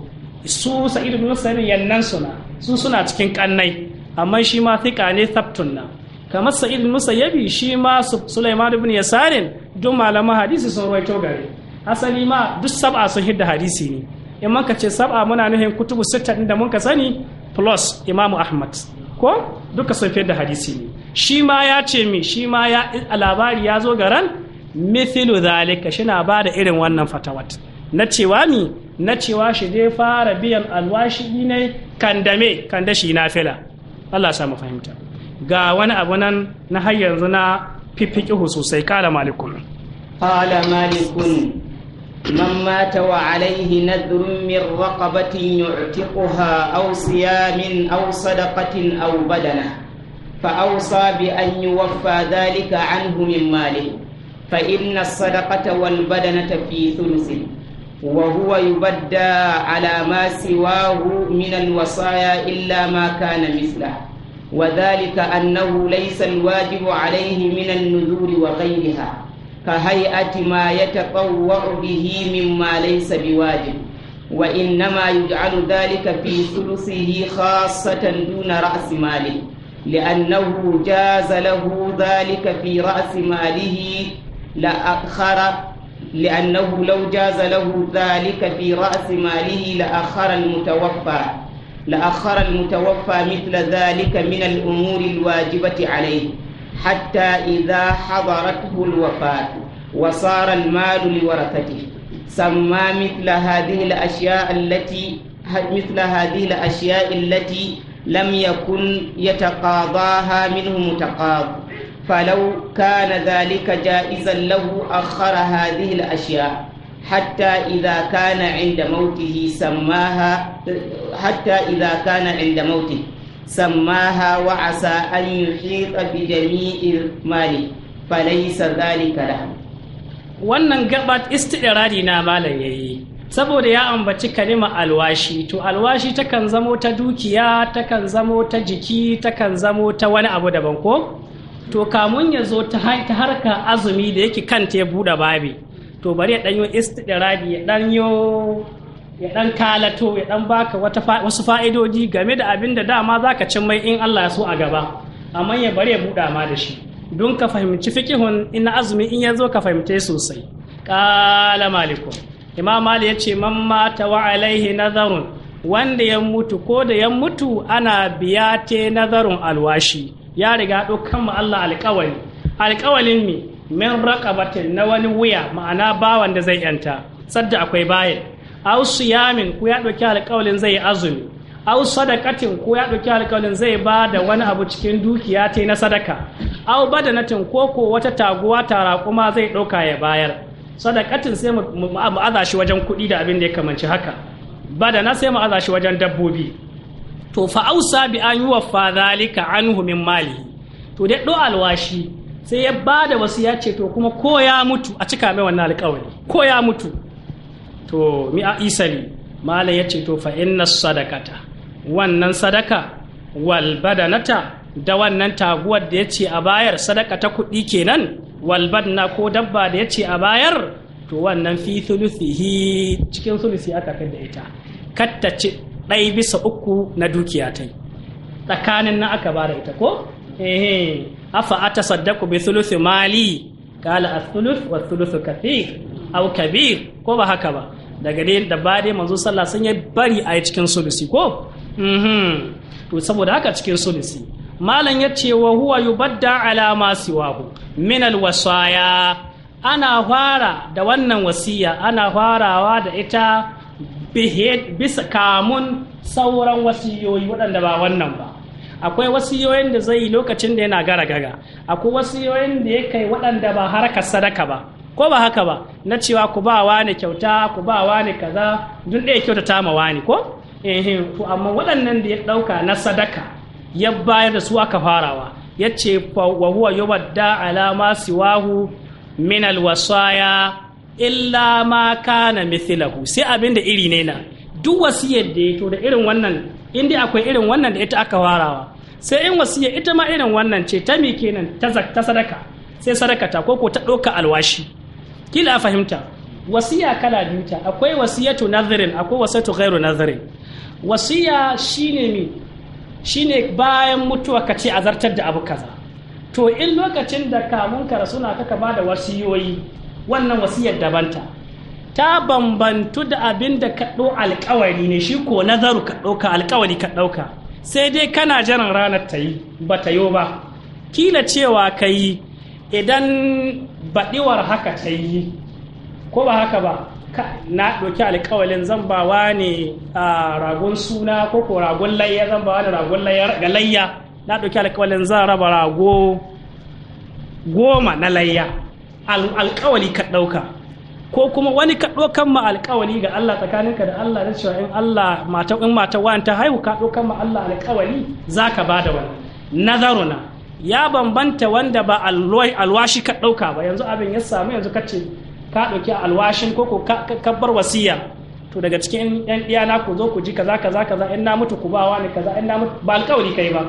su Sa'id ibn Yasarin yannan suna su suna cikin kannai amma shi ma thiqa ne thabtun nan kamar sa'id musayyabi shi ma sulaiman ibn yasarin duk malaman hadisi sun rawaito gare asali ma duk sab'a sun hidda hadisi ne in man ka ce sab'a muna nuhin kutubu sita da mun ka sani plus imamu ahmad ko duka sun fi da hadisi ne shi ma ya ce mi shi ma ya labari ya zo garan mithilu zalika shi na ba da irin wannan fatawat na cewa mi na cewa shi dai fara biyan alwashi ne kandame kandashi na fila Allah samu fahimta ga wani abu nan na har yanzu na fifiki sosai kala malikun kala malikun man mata wa alaihi nadrun min raqabatin yu'tiquha aw siyamin aw sadaqatin aw badana fa awsa bi an yuwaffa dhalika anhu min mali fa inna as-sadaqata wal badanata fi thuluthi وهو يبدى على ما سواه من الوصايا إلا ما كان مثله وذلك أنه ليس الواجب عليه من النذور وغيرها كهيئة ما يتطوع به مما ليس بواجب وإنما يجعل ذلك في ثلثه خاصة دون رأس ماله لأنه جاز له ذلك في رأس ماله لأخر لأنه لو جاز له ذلك في رأس ماله لأخر المتوفى لأخر المتوفى مثل ذلك من الأمور الواجبة عليه حتى إذا حضرته الوفاة وصار المال لورثته سمى مثل هذه الأشياء التي مثل هذه الأشياء التي لم يكن يتقاضاها منه متقاض فلو كان ذلك جائزا له أخر هذه الأشياء hatta idza kana inda mautihi sammaha hatta idza kana inda mautihi sammaha wa asa an yuhita bi jami'il mali falaysa dhalika lahu wannan gabat istidradi na malam yayi saboda ya ambaci kalima alwashi to alwashi takan zamo ta dukiya takan zamo ta jiki takan zamo ta wani abu daban ko to kamun ya zo ta harka azumi da yake kanta ya bude babi to bari ya ɗanyo istidradi ya ɗanyo ya ɗan kalato ya ɗan baka wasu fa'idodi game da abin da dama za ka cin mai in Allah ya so a gaba amma ya bari ya buɗa ma da shi don ka fahimci fikihun in azumi in ya zo ka fahimce sosai ƙala malikun imam mali ya ce man mata wa alaihi nazarun wanda ya mutu ko da ya mutu ana biya te nazarun alwashi ya riga ɗo, mu Allah alƙawari alƙawalin mi min raqabatin na wani wuya ma'ana bawan da zai yanta sadda akwai bayin aw siyamin ko ya ɗauki alƙawlin zai yi azumi aw sadaqatin ko ya ɗauki alƙawlin zai ba da wani abu cikin dukiya ta na sadaka aw badanatin ko ko wata taguwa tara kuma zai ɗauka ya bayar sadakatin sai mu aza shi wajen kuɗi da abin da ya kamanci haka badana sai mu aza shi wajen dabbobi to fa ausa bi an fa zalika anhu min mali to dai do alwashi sai ya ba da wasu ya ce to kuma ko ya mutu a cika mai wannan alkawari ko ya mutu to mi a isali malam ya ce to fa inna sadakata wannan sadaka wal nata da wannan taguwar da ya ce a bayar sadaka ta kuɗi kenan wal badna ko dabba da ya ce a bayar to wannan fi thuluthihi cikin thuluthi aka kai da ita katta ce dai bisa uku na dukiya ta yi tsakanin na aka ba da ita ko eh. afa atasaddaqu bi thuluth mali kala a wa thuluth kathir aw kabir ko ba haka ba daga dai da ba dai manzo sallah sun yi bari a cikin sulusi ko mhm to saboda haka cikin sulusi malam ya ce wa huwa yubadda alama ma siwahu min wasaya ana fara da wannan wasiya ana farawa da ita bisa kamun sauran wasiyoyi waɗanda ba wannan ba akwai wasu yoyin da zai yi lokacin da yana gara gaga akwai yoyin da ya kai waɗanda ba harkar sadaka ba ko ba haka ba na cewa ku ba wani kyauta ku ba wani kaza duk ɗaya kyautata ma wani ko eh amma waɗannan da ya ɗauka na sadaka ya bayar da su aka farawa ya ce wa huwa yubadda alama siwahu min alwasaya illa ma kana mithlahu sai abin da iri ne na duk wasiyar da ya to da irin wannan in dai akwai irin wannan da ita aka warawa sai in wasiya ita ma irin wannan ce ta mi kenan ta sadaka sai sadaka ta ko ko ta ɗauka alwashi kila a fahimta wasiya kala biyu ta akwai wasiyatu nazarin akwai wasiyatu ghairu nazarin. wasiya shine mi shine bayan mutuwa kace ce azartar da abu kaza to in lokacin da kamun ka rasuna kaka ba da wasiyoyi wannan wasiyar dabanta ta bambantu da abin da ka ɗo alkawari ne shi ko nazaru ka ɗauka alkawari ka ɗauka sai dai kana jiran ranar ta yi ba ta yi ba kila cewa ka yi idan baɗiwar haka ta yi ko ba haka ba na ɗauki alkawalin zan ba wani ragon suna ko ko ragon layya zan ba wani ragon ga layya na ɗauki alkawalin zan raba rago goma na layya alkawali ka ɗauka ko kuma wani ka kan ma alƙawali ga Allah tsakaninka da Allah na cewa in Allah mata in mata wa ta haihu ka kan ma Allah alƙawali za ka ba da wani nazaruna ya bambanta wanda ba alwashi ka ɗauka ba yanzu abin ya samu yanzu ka ce ka ɗauki alwashin ko ko ka bar wasiya to daga cikin yan na ku zo ku ji kaza kaza kaza in na mutu ku ba wani kaza in na mutu ba alƙawali kai ba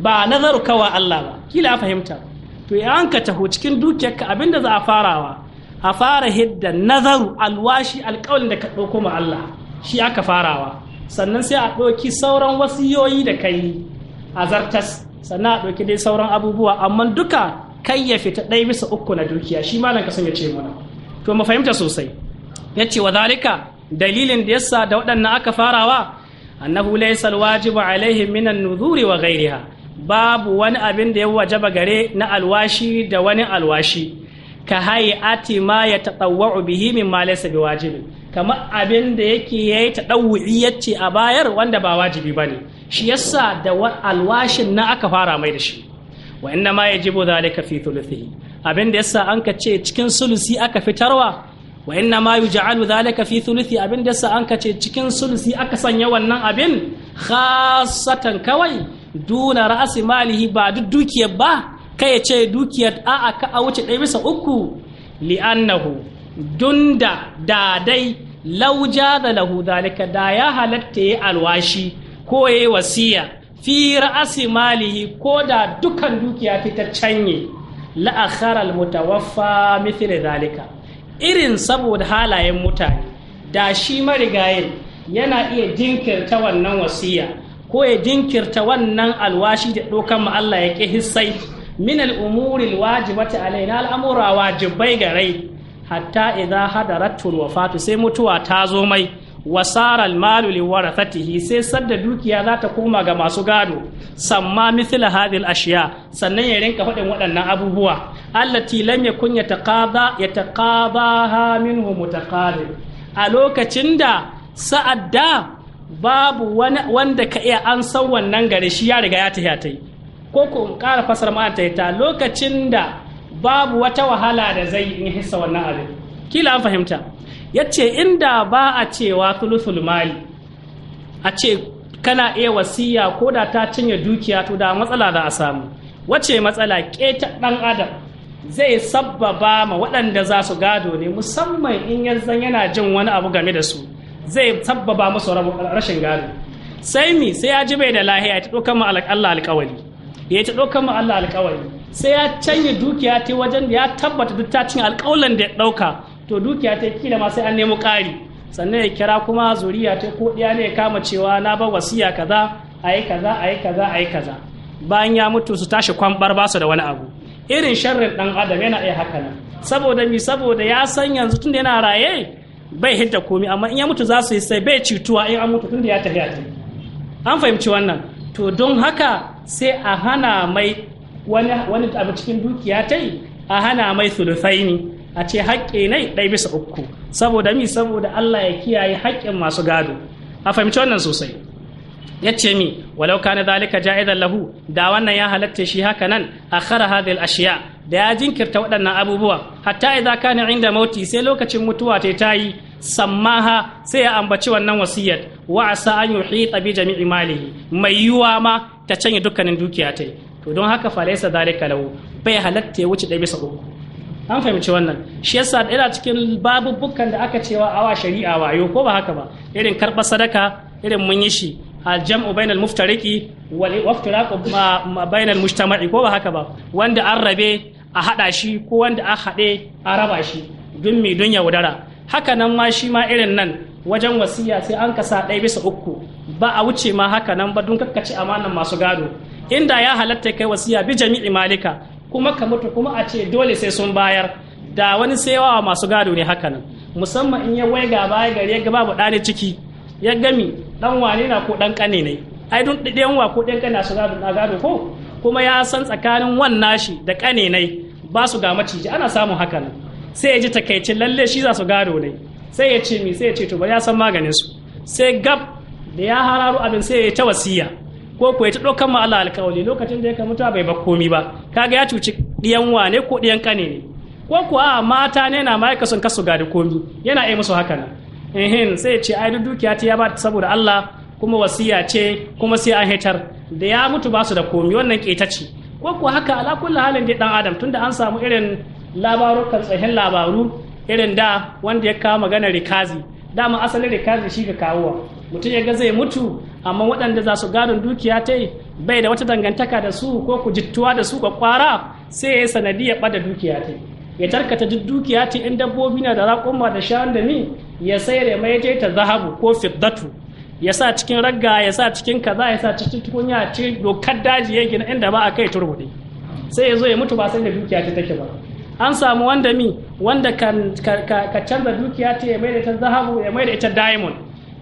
ba nazaru kawa Allah ba kila fahimta to ya hankata taho cikin dukiyarka abinda za a farawa a fara hidda nazaru alwashi alƙawalin da ka ɗauko ma Allah shi aka farawa sannan sai a ɗauki sauran wasiyoyi da kai a zartas sannan a ɗauki dai sauran abubuwa amma duka kai ya fita ɗaya bisa uku na dukiya shi malam kasan ya ce mana to mu fahimta sosai ya ce wa zalika dalilin da yasa da waɗannan aka farawa annahu laysa alwajibu alaihim min an-nuzuri wa ghayriha babu wani abin da ya wajaba gare na alwashi da wani alwashi ka hayati ma ya taɗawwa'u bihi min ma laysa kamar abin da yake yayi taɗawu'i yace a bayar wanda ba wajibi bane shi yasa da alwashin na aka fara mai da shi wa inna ma yajibu dhalika fi thuluthihi abin da yasa an ka ce cikin sulusi aka fitarwa wa inna ma yuj'alu dhalika fi thuluthi abin da yasa an ka ce cikin sulusi aka sanya wannan abin khassatan kawai duna ra'si malihi ba duk dukiyar ba kai ya ce dukiyar a'a ka a wuce ɗaya bisa uku li'annahu dunda da dai lauja da lahu zalika da ya halatta ya alwashi ko ya yi wasiya fi ra'asi malihi ko da dukan dukiya ta ta canye la'akhara almutawaffa mithli zalika irin saboda halayen mutane da shi marigayin yana iya jinkirta wannan wasiya ko ya jinkirta wannan alwashi da ɗokan ma Allah ya ƙi hissai Minal wajiba al'umuri wajibati alaina al'amura wa wajibai garai hatta idza hadaratul wafatu sai mutuwa ta zo mai wasara almalu liwarathatihi sai sadda dukiya za ta koma ga masu gado samma mithla a shiya. sannan ya rinka faɗin waɗannan abubuwa allati lam yakun yataqada yataqadaha minhu mutaqabil a lokacin da sa'adda babu wanda ka iya an san wannan gare shi ya riga ya tafi ko ko in ƙara fasar ma ta ta lokacin da babu wata wahala da zai yi in hissa wannan abin kila an fahimta Ya ce inda ba a cewa thuluthul mali a ce kana iya wasiya ko da ta cinye dukiya to da matsala za a samu wace matsala keta ɗan adam zai sabbaba ma waɗanda za su gado ne musamman in yanzan yana jin wani abu game da su zai sabbaba musu rashin gado sai mi sai ya ji bai da lahiya ta ɗaukar mu Allah alƙawari ya ta ɗaukar ma Allah alƙawari sai ya canja dukiya ta wajen ya tabbata duk ta cin alƙawalan da ya ɗauka to dukiya ta kila ma sai an nemo ƙari sannan ya kira kuma zuriya ta ko ɗiya ne ya kama cewa na bar wasiya kaza a yi kaza a yi kaza a yi kaza bayan ya mutu su tashi kwambar ba su da wani abu irin sharrin ɗan adam yana iya haka nan saboda mi saboda ya san yanzu tun da yana raye bai hidda komi amma in ya mutu za su yi sai bai cutuwa in an mutu tun da ya tafi an fahimci wannan to don haka sai a hana mai wani abu cikin dukiya ta yi a hana mai ne a ce haƙƙi nai ɗai bisa uku saboda mi saboda Allah ya kiyaye haƙƙin masu gado a fahimci wannan sosai ya ce mi walau kana zalika ja'idan lahu da wannan ya halatta shi haka nan a kara a ashiya da ya jinkirta waɗannan abubuwa hatta idza kana inda mauti sai lokacin mutuwa ta tayi sammaha sai ya ambaci wannan wasiyar wa asa an yuhita bi jami'i malihi mai yiwuwa ma ta canye dukkanin dukiya ta yi to don haka falaisa zalika lahu bai halatta ya wuce ɗaya bisa uku an fahimci wannan shi yasa yana cikin babubukan da aka cewa awa shari'a wayo ko ba haka ba irin karɓar sadaka irin mun yi shi jam'u bainal muftariki wal iftiraqu bainal mujtama'i ko ba haka ba wanda an rabe a hada shi ko wanda an hade a raba shi dun me don yaudara haka nan ma shi ma irin nan wajen wasiya sai an kasa ɗaya bisa uku ba a wuce ma haka nan ba don kakkaci amanan masu gado inda ya halatta kai wasiya bi jami'i malika kuma ka mutu kuma a ce dole sai sun bayar da wani sayawa masu gado ne haka nan musamman in ya ga baya gari ya gaba ne ciki ya gami dan wane na ko dan kane ne ai dun ɗiɗɗen wa ko ɗan na su gado na gado ko kuma ya san tsakanin wan nashi da kane ne ba su ga maciji ana samun haka nan sai ya ji takaicin lalle shi za su gado ne sai ya ce mi sai ya ce to ba ya san maganin su sai gab da ya hararo abin sai ya ta wasiya ko ko ya ta dokan ma Allah alƙawali lokacin da ya kamuta bai ba komi ba kaga ya cuci ɗiyan wane ko ɗiyan kane ne ko ko a mata ne na mai sun kasu gadi komi yana yi musu haka nan ehin sai ya ce ai duk dukiya ta ya ba saboda Allah kuma wasiya ce kuma sai an hitar da ya mutu ba su da komi wannan ƙeta ce ko ko haka ala kullu halin dai dan adam tunda an samu irin labarukan tsahin labaru irin da wanda ya kawo magana rikazi dama asalin rikazi shi ga kawowa mutum ya ga zai mutu amma waɗanda za su gadon dukiya ta yi bai da wata dangantaka da su ko ku jittuwa da su ga kwara sai ya yi sanadiyar ɓada dukiya ta ya tarkata duk dukiya ta in dabbobi na da raƙumma da shan da mi ya sayar ya mai je ta zahabu ko fiddatu ya sa cikin ragga ya sa cikin kaza ya sa cikin tukunya ci dokar daji ya gina inda ba a kai turbuɗe sai ya zo ya mutu ba sai da dukiya ta take ba an samu wanda mi wanda kan ka, canza dukiya ce ya mai da ita zahabu ya mai da ita diamond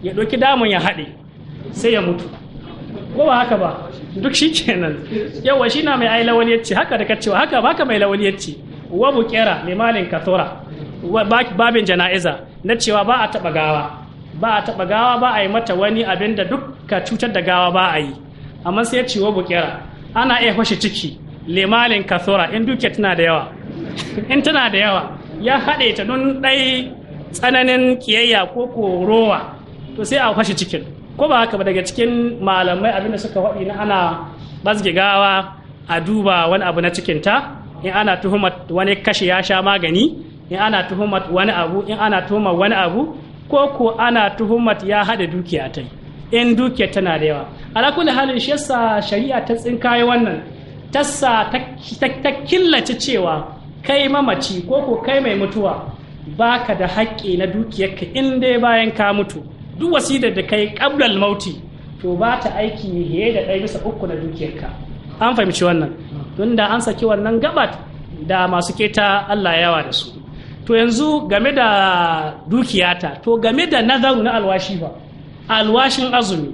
ya ɗauki diamond ya haɗe sai ya mutu ko ba haka ba duk shi kenan yawa shi na mai ai lawaniyarci haka da ka cewa haka ba ka mai lawaniyarci wa kera mai malin kathora babin jana'iza na cewa ba a taɓa gawa ba a taɓa gawa ba a yi mata wani abin da duk ka cutar da gawa ba a yi amma sai ya ce wa kera ana iya fashe ciki lemalin kathora in dukiya tana da yawa in tana da yawa ya haɗe ta don ɗai tsananin kiyayya ko korowa to sai a fashe cikin ko ba haka ba daga cikin malamai abinda suka faɗi na ana basge gawa a duba wani abu na cikinta in ana tuhumar wani kashe ya sha magani in ana tuhumar wani abu in ana tuhumar wani abu ko ko ana tuhumar ya haɗa dukiya ta in dukiya tana da yawa ala halin shi yasa shari'a ta tsinkaye wannan tassa ta killace cewa kai mamaci ko ko kai mai mutuwa baka da haƙƙi na dukiyarka in dai bayan ka mutu duk wasidar da kai ƙablal mauti to ba ta aiki fiye da ɗaya bisa uku na dukiyarka an fahimci wannan tun da an saki wannan gabat da masu keta Allah yawa da su to yanzu game da dukiyata to game da nazaru na alwashi ba alwashin azumi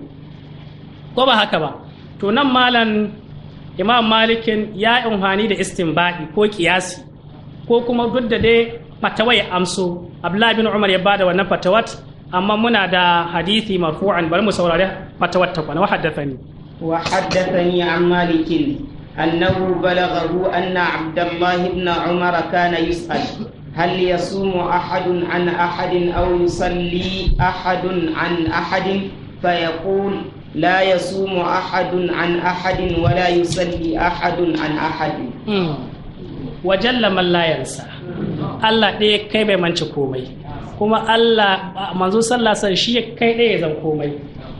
ko ba haka ba to nan malam imam malikin ya umhani da istinbadi ko kiyasi ko kuma duk da dai fatawa ya amso abdullahi bin umar ya bada wannan fatawat amma muna da hadithi marfu'an bari mu saurari fatawat ta kwana wa haddathani wa haddathani an malikin annahu balaghahu anna abdullahi ibn umar kana yus'al هل يصوم أحد عن أحد أو يصلي أحد عن أحد فيقول لا يصوم أحد عن أحد ولا يصلي أحد عن أحد Wajen jalla mallayansa Allah ɗaya kai bai manci komai kuma Allah manzo sallah san shi kai ɗaya zan komai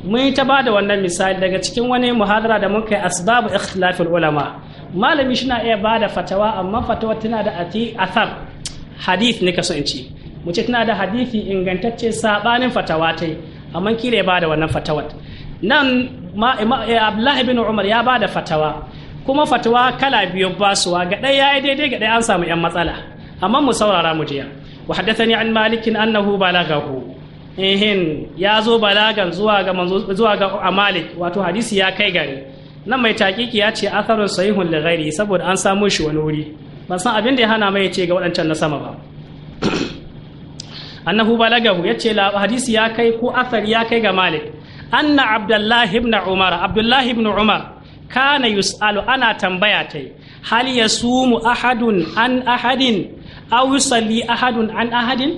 mun ta ba da wannan misali daga cikin wani muhadara da muka yi asbabu ikhtilafil ulama malami shi na iya ba da fatawa amma fatawa tana da ati athar hadith ne ka so in ce mu ce tana da hadithi ingantacce sabanin fatawa ta yi amma kila ya ba da wannan fatawar nan Abdullahi bin Umar ya ba da fatawa kuma fatawa kala biyu basuwa ga ɗaya ya daidai ga ɗaya an samu ƴan matsala amma mu saurara mu jiya wa haddathani an malikin annahu balagahu ehin ya zo balagan zuwa ga manzo zuwa ga amalik wato hadisi ya kai gare nan mai takiki ya ce atharun sahihun li ghairi saboda an samu shi wani wuri ban san abin da ya hana mai ce ga waɗancan na sama ba <coughs> annahu balagahu yace la hadisi ya kai ko athar ya kai ga malik anna abdullahi ibn umar abdullahi ibn umar kana yus'alu ana tambaya ta hal yasumu ahadun an ahadin aw yusalli ahadun an ahadin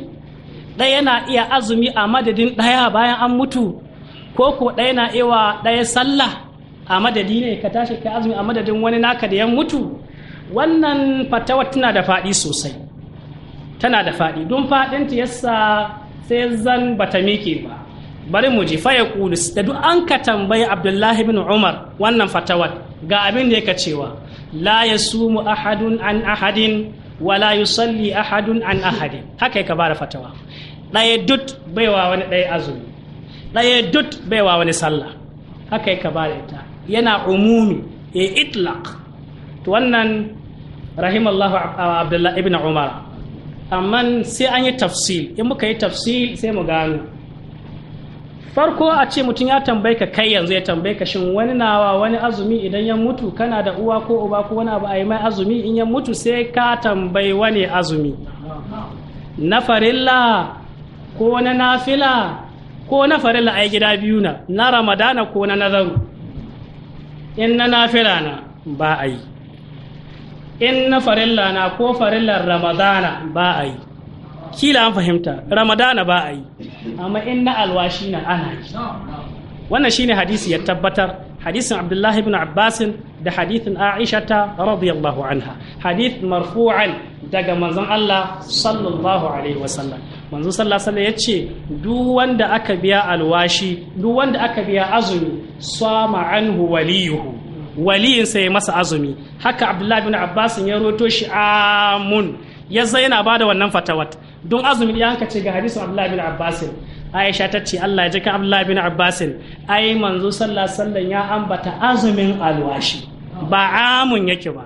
ɗaya na iya azumi a madadin ɗaya bayan an mutu ko ko ɗaya na iya ɗaya sallah a madadi ne ka tashi ka azumi a madadin wani naka da ya mutu wannan fatawar tana da faɗi sosai tana da faɗi don faɗinta yasa sai zan bata miƙe ba bari mu ji faya kulus da duk an ka tambayi abdullahi bin umar wannan fatawar ga abin da yake cewa la yasumu ahadun an ahadin wa la yusalli ahadun an ahadin haka yake da fatawa ɗaya dut baiwa wani ɗaya azumi ɗaya dut baiwa wani sallah haka yake da ita yana umumi e itlaq to wannan rahimallahu abdullahi ibn umar amma sai an yi tafsil in muka yi tafsil sai mu gano farko a ce mutum ya tambaye ka kai yanzu ya tambaye ka shin wani nawa wani azumi idan ya mutu kana da uwa ko uba ko wani abu a yi mai azumi in ya mutu sai ka tambayi wani azumi na farilla ko na nafila ko na farilla ai gida biyu na na ramadana ko na nazaru in na nafila na ba a yi in na farilla na ko farillar ramadana ba a yi kila an fahimta ramadana ba a yi amma in na alwashi na ana yi wannan shine hadisi ya tabbatar hadisin abdullahi ibn abbasin da hadithin aishata radiyallahu anha hadith marfu'an daga manzon Allah sallallahu alaihi wasallam manzon sallallahu alaihi yace duk wanda aka biya alwashi duk wanda aka biya azumi sama anhu waliyuhu waliyin sai masa azumi haka abdullahi ibn abbasin ya roto shi amun yazza yana bada wannan fatawat don azumi ya hanka ce ga hadisin Abdullah bin abbasin Aisha ta ce Allah ya ji ka Abdullah bin abbasin ai manzo sallallahu alaihi wasallam ya ambata azumin alwashi ba amun yake ba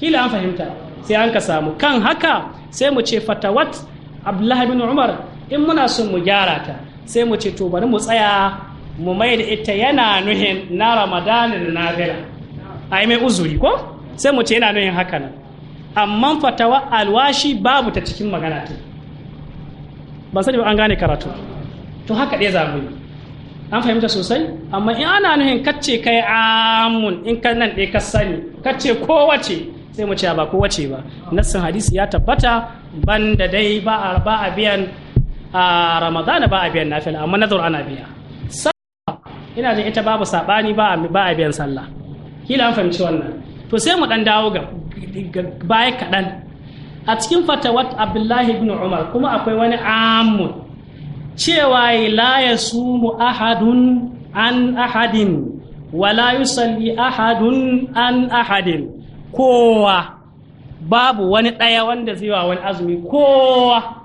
kila an fahimta sai an ka samu kan haka sai mu ce fatawat Abdullah bin Umar in muna son mu gyara ta sai mu ce to bari mu tsaya mu mai da ita yana nuhin na Ramadanin nafila ai mai uzuri ko sai mu ce yana nuhin haka nan amma fatawa alwashi babu ta cikin magana ta ban sani ba an gane karatu to haka ɗaya za mu yi an fahimta sosai amma in ana nuhin kacce kai amun in ka nan ɗaya ka sani kacce kowace sai mu ce ba kowace ba nassin hadisi ya tabbata da dai ba a biyan a ramadana ba a biyan nafila amma nazar ana biya sallah ina jin ita babu sabani ba a biyan sallah kila an fahimci wannan to sai mu dan dawo ga baya kaɗan a cikin fatawat abdullahi ibn umar kuma akwai wani amun cewa la ya ahadun an ahadin wala yusalli ahadun an ahadin kowa babu wani ɗaya wanda zai wa wani azumi kowa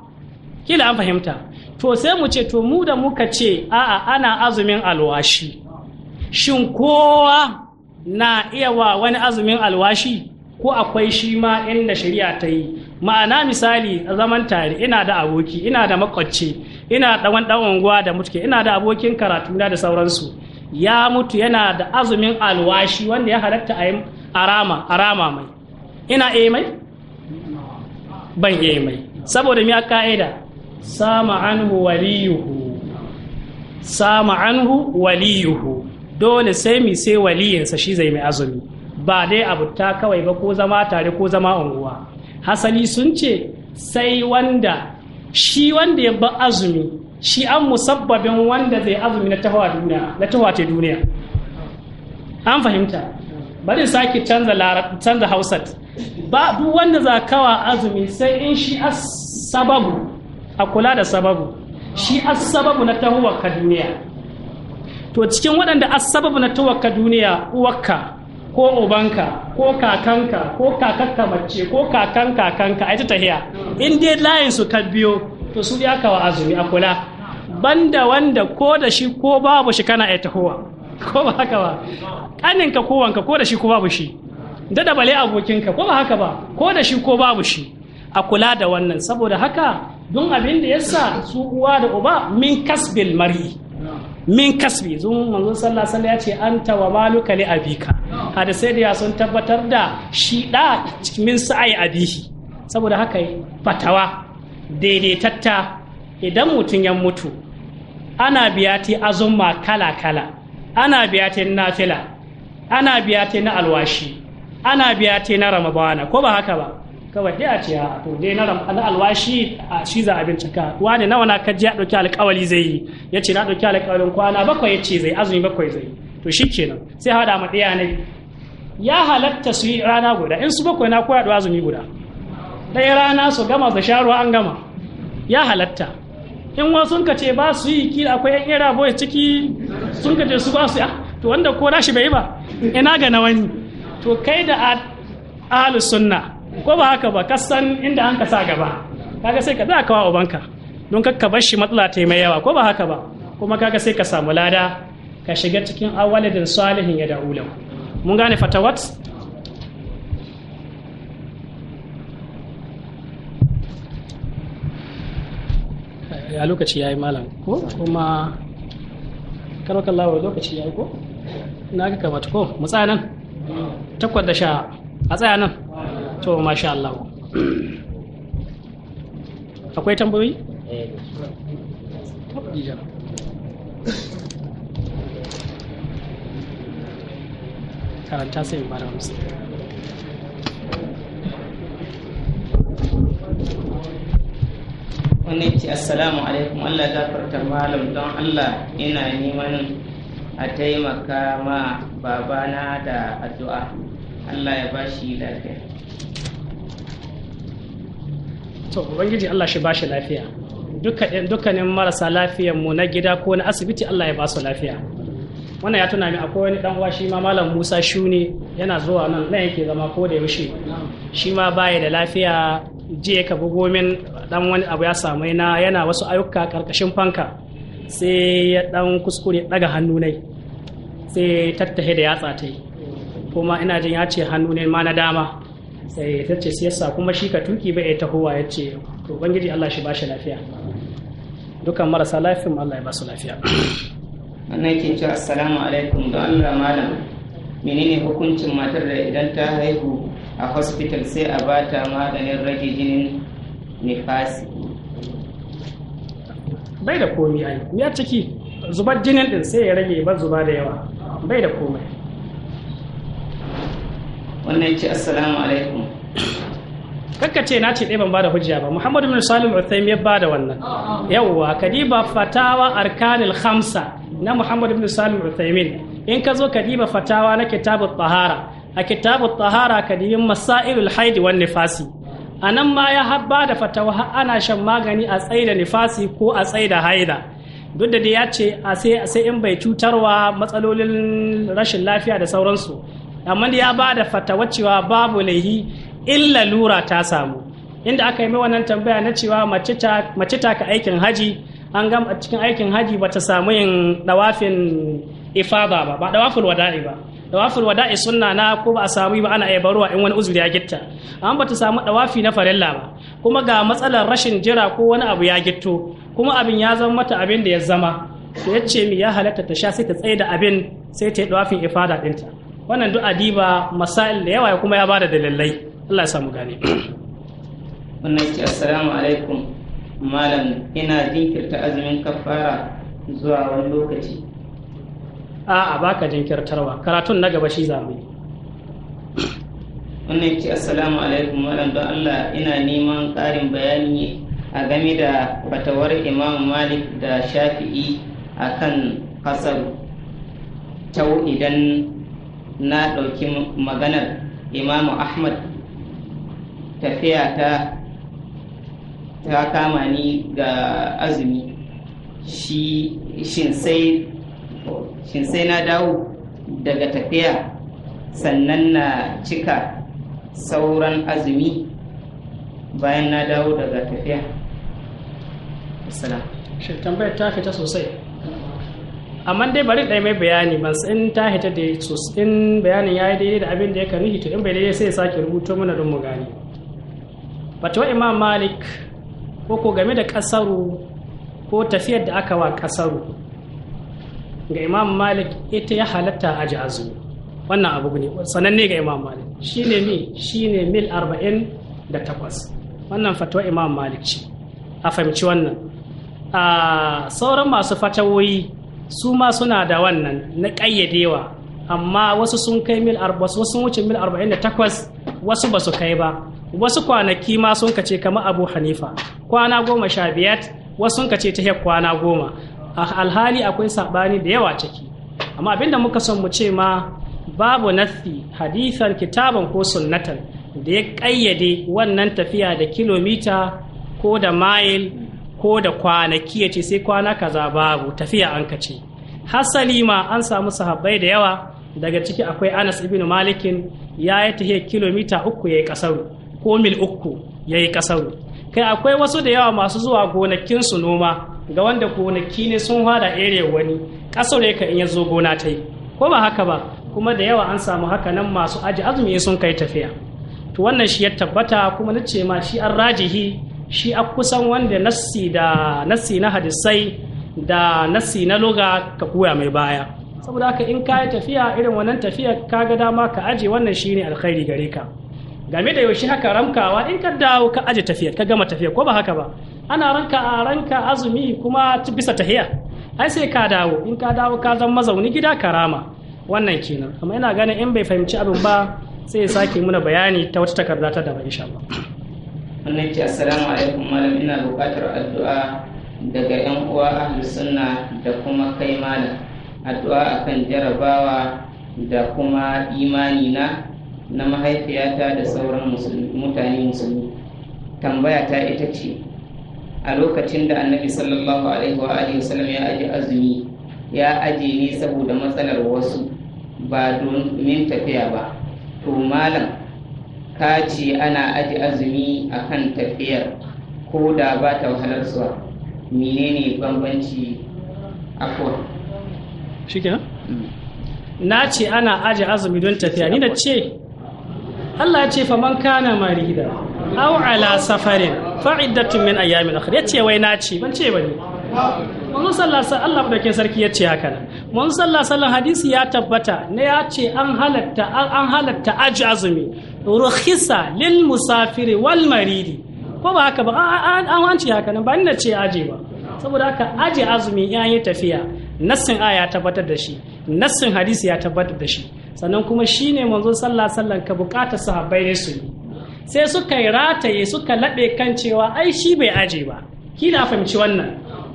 kila an fahimta to sai mu ce to mu da muka ce a'a ana azumin alwashi shin kowa na iya wa wani azumin alwashi ko akwai shi ma inda shari'a ta yi ma'ana misali zaman tare ina da aboki ina da makwacce ina da wani dan unguwa da mutuke ina da abokin karatu na da sauransu ya mutu yana da azumin alwashi wanda ya halatta a arama arama mai ina eh mai ban eh mai saboda miya ka'ida sama anhu waliyuhu sama anhu waliyuhu dole sai mi sai waliyinsa shi zai mai azumi ba dai abuta kawai ba ko zama tare ko zama unguwa hasali sun ce sai wanda shi wanda ya ba azumi shi an musabbabin wanda zai azumi na tahawa duniya na tahawa ta duniya an fahimta bari sake canza canza hausat ba duk wanda za kawa azumi sai in shi as sababu a kula da sababu shi as sababu na tahawa ka duniya to cikin waɗanda asbabu na tawakka duniya uwakka ko ubanka ko kakanka ko kakakka mace ko kakan kakanka ai ta tahiya in dai layin su ka biyo to su ya kawa azumi a kula banda wanda ko da shi ko babu shi kana ai tahowa ko ba haka ba kaninka ko wanka ko da shi ko babu shi dada bale abokinka ko ba haka ba ko da shi ko babu shi a kula da wannan saboda haka don abin da yasa su uwa da uba min kasbil mari min kasbi zun manzon sallah sallah ya ce an tawa maluka li abika sai da ya sun tabbatar da shi da min sa'ai abihi saboda haka fatawa daidaitatta idan mutum ya mutu ana biya ta azumma kala kala ana biya ta nafila ana biya ta na alwashi ana biya ta na ramadana ko ba haka ba kawai dai a ce a ah, to dai na alwashi a shi za a bincika wani nawa na kaji ya ɗauki alƙawari zai yi ya ce na ɗauki alƙawarin kwana bakwai ya ce zai azumi bakwai zai to shi kenan sai hada ma ɗaya ne ya halatta su yi rana guda in su bakwai na koya da azumi guda ɗaya rana su gama su sha ruwa an gama ya halatta in wasu sun kace ba su yi kila akwai yan era boy ciki sun kace su ba su ya ah, to wanda ko da shi bai ba ina ga na wani to kai da ahlus sunna ko ba haka ba kasan inda an ka sa gaba kaga sai ka za ka wa ubanka don ka ka shi matsala ta mai yawa ko ba haka ba kuma kaga sai ka samu lada ka shiga cikin awalidin salihin ya da'ula mun gane fatawat a lokaci ya yi malam ko kuma karokan lawar lokaci ya yi ko na ga kamata ko mu tsaya nan takwas da sha a tsaya nan to masha Allah akwai tambayoyi karanta sai in bada musu wannan ce assalamu alaikum allah gafarta malam don allah ina neman a taimaka ma babana da addu'a allah ya bashi lafiya to ubangiji Allah shi bashi lafiya dukkanin marasa lafiyan mu na gida ko na asibiti Allah ya ba su lafiya wannan ya tuna min akwai wani dan uwa shi ma malam Musa Shuni yana zuwa nan nan yake zama ko da yaushe shi ma baya da lafiya jiya ka bugo dan wani abu ya samu na yana wasu ayyuka karkashin fanka sai ya dan kuskure daga hannu nai sai tattahe da yatsa ta yi kuma ina jin ya ce hannu ne ma na dama sai eh, ta ce siyasa kuma shi ka tuki bai ta huwa ya ce to bangiji Allah shi ba shi lafiya dukan marasa lafiya ma Allah ya ba su lafiya <clears throat> wannan yake cewa assalamu alaikum don Allah malam menene hukuncin matar da idan ta haihu a hospital sai a bata maganin rage jinin nifasi bai da komi ai ya ciki zubar jinin din sai ya rage ba zuba da yawa bai da komai wannan ce assalamu alaikum kakka ce na ce ɗaya ban bada hujja ba muhammadu bin salim uthaim ya bada wannan yawwa kadiba fatawa arkanil khamsa na muhammadu bin salim uthaimin in ka zo kadiba fatawa na kitabut tahara a kitabut tahara kadibin masailul haidi wan nifasi a nan ma ya habba da fatawa ana shan magani a tsaida nifasi ko a tsaida haida duk da ya ce a sai in bai cutarwa matsalolin rashin lafiya da sauransu amma ya ba da fatawa cewa babu laihi illa lura ta samu inda aka yi wannan tambaya na cewa mace ta ka aikin haji an gama cikin aikin haji ba ta samu yin dawafin ifada ba ba dawafin wada'i ba dawafin wada'i sunna na ko ba a samu ba ana aibarwa in wani uzuri ya gitta amma ta samu dawafi na farilla ba kuma ga matsalar rashin jira ko wani abu ya gitto kuma abin ya zama mata abin da ya zama to yace mi ya halatta ta sha sai ta tsaye da abin sai ta yi dawafin ifada dinta wannan duk adiba masail da yawa kuma ya bada dalilai Allah ya samu gane <coughs> wannan ce assalamu alaikum malam ina jinkirta azumin kafara zuwa wani lokaci a'a baka jinkirtarwa karatun na gaba shi zamu yi wannan ce assalamu alaikum malam don Allah ina neman ƙarin bayani a game da fatawar imam malik da shafi'i akan kasar kyau idan na ɗauki maganar imamu ahmad tafiya ta ta kama ni ga azumi shi shin sai na dawo daga tafiya sannan na cika sauran azumi bayan na dawo daga tafiya. Assalamu. tambayar ta fita sosai. amma dai bari ɗaya mai bayani ban in ta hita da in bayanin ya yi daidai da abin da ya kanu hito in bai daidai sai ya sake rubuto mana don mu gane fatawa imam malik ko ko game da kasaru ko tafiyar da aka wa kasaru ga imam malik ita ya halatta a ji azumi wannan abu ne sananne ga imam malik shine mi shine mil arba'in da takwas wannan fatawa imam malik ce a fahimci wannan a sauran masu fatawoyi su ma suna da wannan na ƙayyadewa amma wasu sun kai mil wasu wuce mil 48 wasu ba su kai ba wasu kwanaki ma sun kace kamar abu hanifa kwana goma sha biyar wasu sun kace ta kwana goma a alhali akwai saɓani da yawa ciki amma abin da muka son mu ce ma babu nafi hadisan kitaban ko sunnatan da ya ƙayyade wannan tafiya da kilomita ko da mile ko da kwanaki ya ce sai kwana kaza babu tafiya an kace hasali ma an samu sahabbai da yawa daga ciki akwai anas ibn malikin ya yi tafiya kilomita uku ya yi kasaru ko mil uku ya yi kasaru kai akwai wasu da yawa masu zuwa gonakinsu noma ga wanda gonaki ne sun hada eriyar wani kasar ya ka in ya zo gona ta yi ko ba haka ba kuma da yawa an samu haka nan masu aji azumi sun kai tafiya to wannan shi ya tabbata kuma na ce ma shi an rajihi shi a kusan wanda nassi da nassi na hadisai da nassi na loga ka koya mai baya saboda haka in ka tafiya irin wannan tafiya ka ga dama ka aje wannan shine alkhairi gare ka game da yaushe haka ramkawa in ka dawo ka aje tafiya ka gama tafiya ko ba haka ba ana ranka a ranka azumi kuma bisa tahiya ai sai ka dawo in ka dawo ka zan mazauni gida karama wannan kenan amma ina ganin in bai fahimci abin ba sai ya sake muna bayani ta wata takarda ta daban insha Allah wannan ce assalamu alaikum malam ina buƙatar addu'a daga yan uwa ahli sunna da kuma kai malam addu'a akan jarabawa da kuma imani na na mahaifiyata da sauran mutane musulmi tambaya ta ita ce a lokacin da annabi sallallahu alaihi wa alihi wasallam ya aji azumi ya aje ne saboda matsalar wasu ba domin tafiya ba to malam ka ce ana aji azumi a kan tafiyar ko da ba ta wahalar suwa menene bambanci afuwa shikenan hmm. na ce ana aji azumi don tafiya ni na ce Allah ya ce fa man kana marida aw ala safarin fa iddatun min ayyamin ukhra yace wai na ce ban ce bane mun sallasa Allah da ke sarki yace haka nan mun sallasa hadisi ya tabbata ne ya ce an halatta an halatta aji azumi rukhisa lil musafiri wal maridi ko ba haka ba an an ce haka nan ba ina ce aje ba saboda haka aje azumi ya yi tafiya nassin aya ya tabbatar da shi nassin hadisi ya tabbatar da shi sannan kuma shine manzo sallah sallan ka bukata sahabbai ne su yi sai suka yi rataye suka laɓe kan cewa ai shi bai aje ba kila fahimci wannan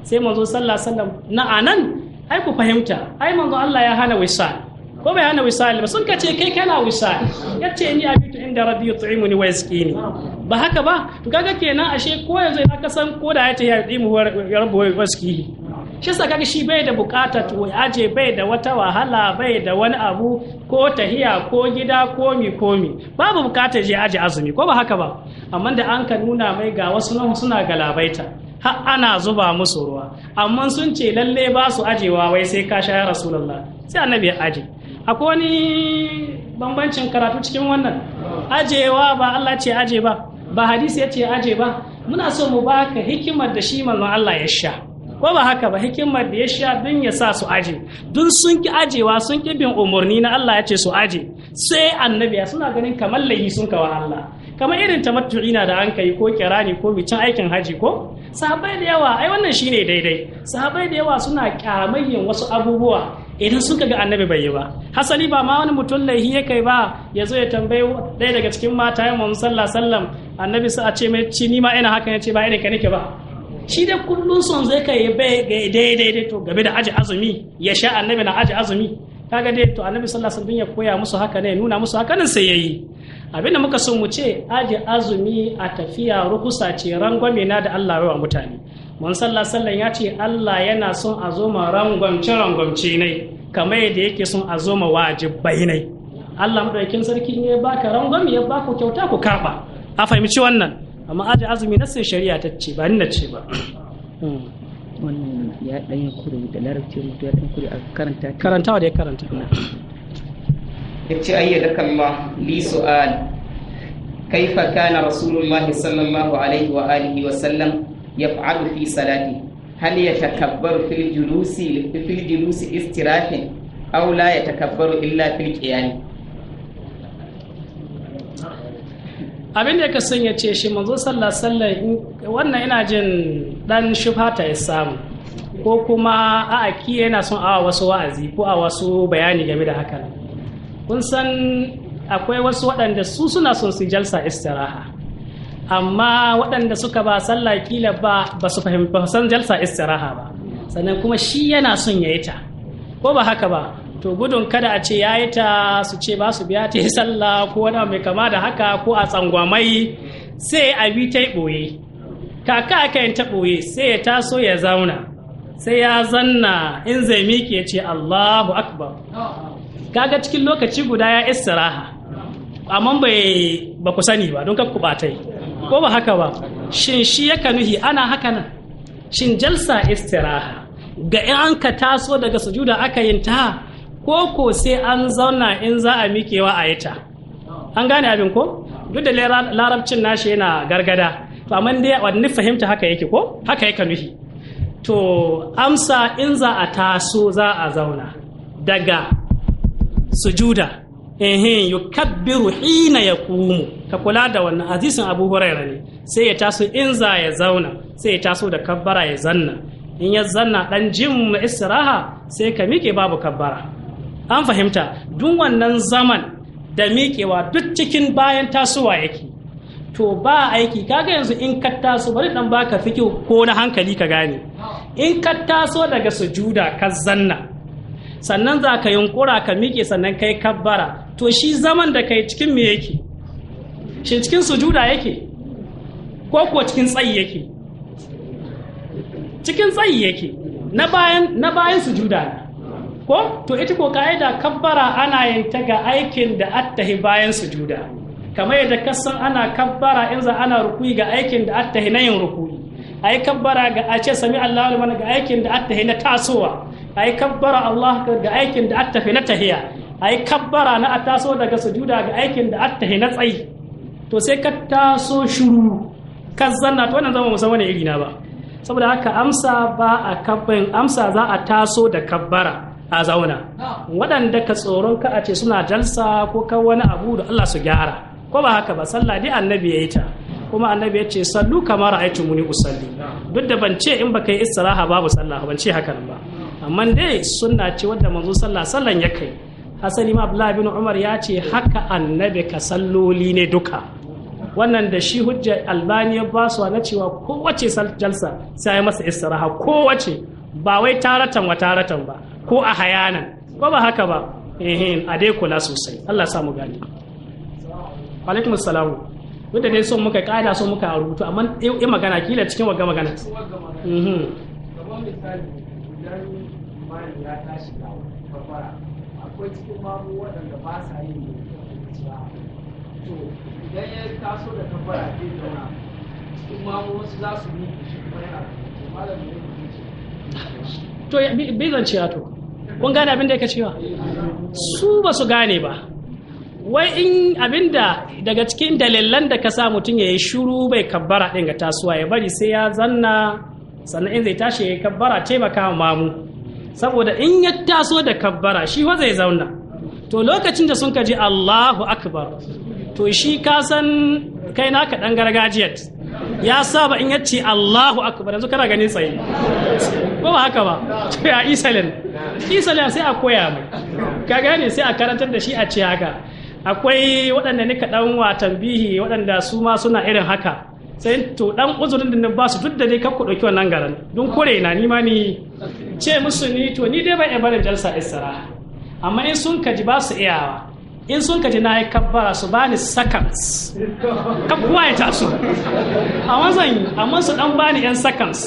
sai manzo sallah sallan na anan ai ku fahimta ai manzo Allah ya hana wisa ko bai hana wisali ba sun ka ce kai kana wisali ya ce ni bitu inda rabbi yut'imuni wa yasqini ba haka ba to kaga kenan ashe ko yanzu ina kasan ko da ya ce ya yut'imu ya rabbu wa yasqini shi sa kaga shi bai da bukata to je bai da wata wahala bai da wani abu ko tahiya ko gida ko mi ko mi babu bukatar je aje azumi ko ba haka ba amma da an ka nuna mai ga wasu nan suna galabaita har ana zuba musu ruwa amma sun ce lalle ba su ajewa wai sai ka sha ya rasulullah sai annabi ya aje akwai wani bambancin karatu cikin wannan ajewa ba Allah ce aje ba ba hadisi ya ce aje ba muna so mu baka hikimar da shi manzon Allah ya sha ko ba haka ba hikimar da ya sha don ya sa su aje Don sun ki ajewa sun ki bin umarni na Allah ya ce su aje sai annabiya suna ganin kamar layi sun kawa Allah kamar irin ta tamattu'ina da an kai ko kirani ko bicin aikin haji ko sahabbai da yawa ai wannan shine daidai sahabbai da yawa suna kyamayyan wasu abubuwa idan suka ga annabi bai yi ba hasali ba ma wani mutum laihi ya kai ba ya zo ya tambayi ɗaya daga cikin mata ya mamu sallah sallam annabi su a ce mai ci ni ma ina haka ya ce ba ina ka nake ba shi da kullum son zai kai bai daidai to game da aji azumi ya sha annabi na aji azumi kaga dai to annabi sallallahu alaihi wasallam ya koya musu haka ne nuna musu haka nan sai yayi abinda muka so mu ce aji azumi a tafiya rukusa ce rangwame na da Allah ya wa mutane mun sallan ya ce Allah yana son a zo ma rangwamce rangwamce ne kamar yadda yake son a zo ma wajibai ne Allah madaukin sarki ne baka rangwam ya baka kyauta ku karba a fahimci wannan amma aji azumi na sai shari'a ta ce ba ni na ce ba hmm. wannan ya dan kuri da larabci mutu ya dan kuri a karanta karantawa da ya karanta yace ayyadaka Allah li su'al kaifa kana rasulullahi sallallahu alaihi wa alihi wa sallam yaf'alu fi salati hal yatakabbaru fil julusi fil julusi istirahin aula ya yatakabbaru illa fil qiyam abin da ka sun ya ce shi manzo sallah sallah wannan ina jin dan shubhata ya samu ko kuma a aki yana son a wasu wa'azi ko a wasu bayani game da hakan kun san akwai wasu waɗanda su suna son su jalsa istiraha amma waɗanda suka ba sallah kila ba ba su fahimta san jalsa istiraha ba sannan kuma shi yana son yayi ta ko ba haka ba to gudun kada a ce yayi ta su ce ba su biya ta yi sallah ko wani mai kama da haka ko a tsangwamai sai a bi ta ɓoye kaka aka ta ɓoye sai ya taso ya zauna sai ya zanna in zai miƙe ce Allahu akbar kaga cikin lokaci guda ya istiraha amma bai ba ku sani ba don kakku batai ko ba haka ba shin shi yaka nuhi ana haka nan shin jalsa istiraha ga 'yan an ka taso daga sujuda aka yin ta ko ko sai an zauna in za a mikewa a yi ta an gane abin ko duk da larabcin nashi yana gargada to amma dai wani fahimta haka yake ko haka yake nuhi to amsa in za a taso za a zauna daga sujuda ehin yukabbiru hina kumu ka kula da wannan azizun Abu huraira ne sai ya taso in za ya zauna sai ya taso da kabbara ya zanna in ya zanna dan jin istiraha sai ka miƙe babu kabbara an fahimta duk wannan zaman da miƙewa duk cikin bayan tasowa yake to ba aiki kaga yanzu in ka taso bari dan baka fiki ko na hankali ka gane in ka taso daga sujuda ka zanna sannan za ka yunkura ka miƙe sannan kai kabbara to shi zaman da kai cikin me yake shi cikin sujuda yake ko kuwa cikin tsayi yake cikin tsayi yake na bayan na bayan sujuda ne ko to ita ko ka'ida kabbara ana yin ta ga aikin da attahi bayan sujuda kamar yadda kasan ana kabbara in za ana rukui ga aikin da attahi na yin rukui ai kabbara ga a ce sami Allahu liman ga aikin da attahi na tasowa a yi kabbara Allah ga aikin da attafi na tahiya a yi kabbara na a taso daga sujuda ga aikin da attahi na tsayi to sai ka taso shuru ka zanna to wannan zama wani iri na ba saboda haka amsa ba a kabbin amsa za a taso da kabbara a zauna waɗanda ka tsoron ka a ce suna jalsa ko ka wani abu da Allah su gyara ko ba haka ba sallah dai annabi ya yi ta kuma annabi ya ce sallu kamar aitu muni usalli duk da ban ce in baka yi istiraha babu sallah ban ce hakan ba amma dai sunna ce wadda manzo sallah sallan ya kai hasali ma abdullahi bin umar ya ce haka annabi ka salloli ne duka wannan da shi hujja albani ya ba su na cewa kowace jalsa sai ya masa istiraha kowace ba wai taratan wa taratan ba ko a hayanan ko ba haka ba eh a dai kula sosai Allah ya mu gani alaikum assalam wanda dai son muka kaida son muka rubutu amma in magana kila cikin waga magana mhm kamar misali imani ya tashi da kwakwara akwai cikin mamu waɗanda ba sa yin da cewa to idan ya taso da kwakwara zai zauna cikin mamu wasu za su yi shi kuma yana to malamin ne to bai zanciya to kun gane abin da yake cewa su ba su gane ba wai in abin da daga cikin dalilan da ka sa mutum ya yi shuru bai kabbara ɗin ga tasuwa ya bari sai ya zanna sannan in zai tashi ya yi kabbara taimaka wa mamu saboda in ya taso da kabbara shi wa zai zauna to lokacin da sun kaji Allahu akbar to shi ka san kai naka dan gargajiyar ya saba in yace Allahu akbar yanzu kana ganin tsaye ko ba haka ba to ya isalin isalin sai a koya mai ka gane sai a karantar da shi a ce haka akwai waɗanda nika dan wa tambihi waɗanda su ma suna irin haka sai to dan uzurin da ba su duk da dai kakku dauki wannan garan don kore na nima ni ce musu ni to ni dai ban iya barin jalsa isra amma in sun kaji ba su iyawa in sun kaji na yi kabbara su bani seconds kakkuwa ya taso a zan amma su dan bani yan seconds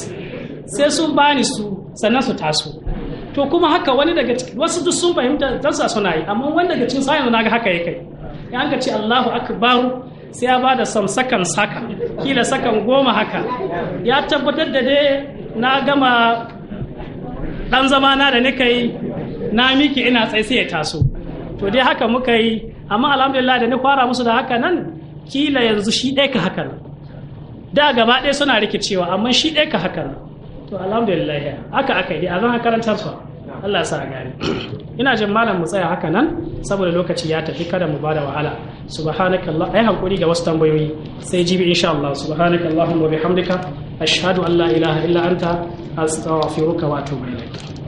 sai sun bani su sannan su taso to kuma haka wani daga cikin wasu duk sun fahimta jalsa suna yi amma wani daga cikin sa'in na ga haka ya kai ya an ka ce Allahu akbar sai ya bada son sakan saka kila sakan goma haka ya tabbatar da dai na gama dan zamana da nika yi na miki ina tsaye sai ya taso to dai haka muka yi amma alhamdulillah da ni fara musu da haka nan kila yanzu shi ɗaya ka haka da gaba ɗaya suna rikicewa amma shi ɗaya ka haka to alhamdulillah haka aka yi a zan karantar su Allah sa gani ina jin malam mu tsaya haka nan saboda lokaci ya tafi kada mu bada wahala allah ai hakuri ga wasu tambayoyi sai jibi insha Allah subhanakallahumma wa bihamdika ashhadu an la ilaha illa anta astaghfiruka wa atubu ilaik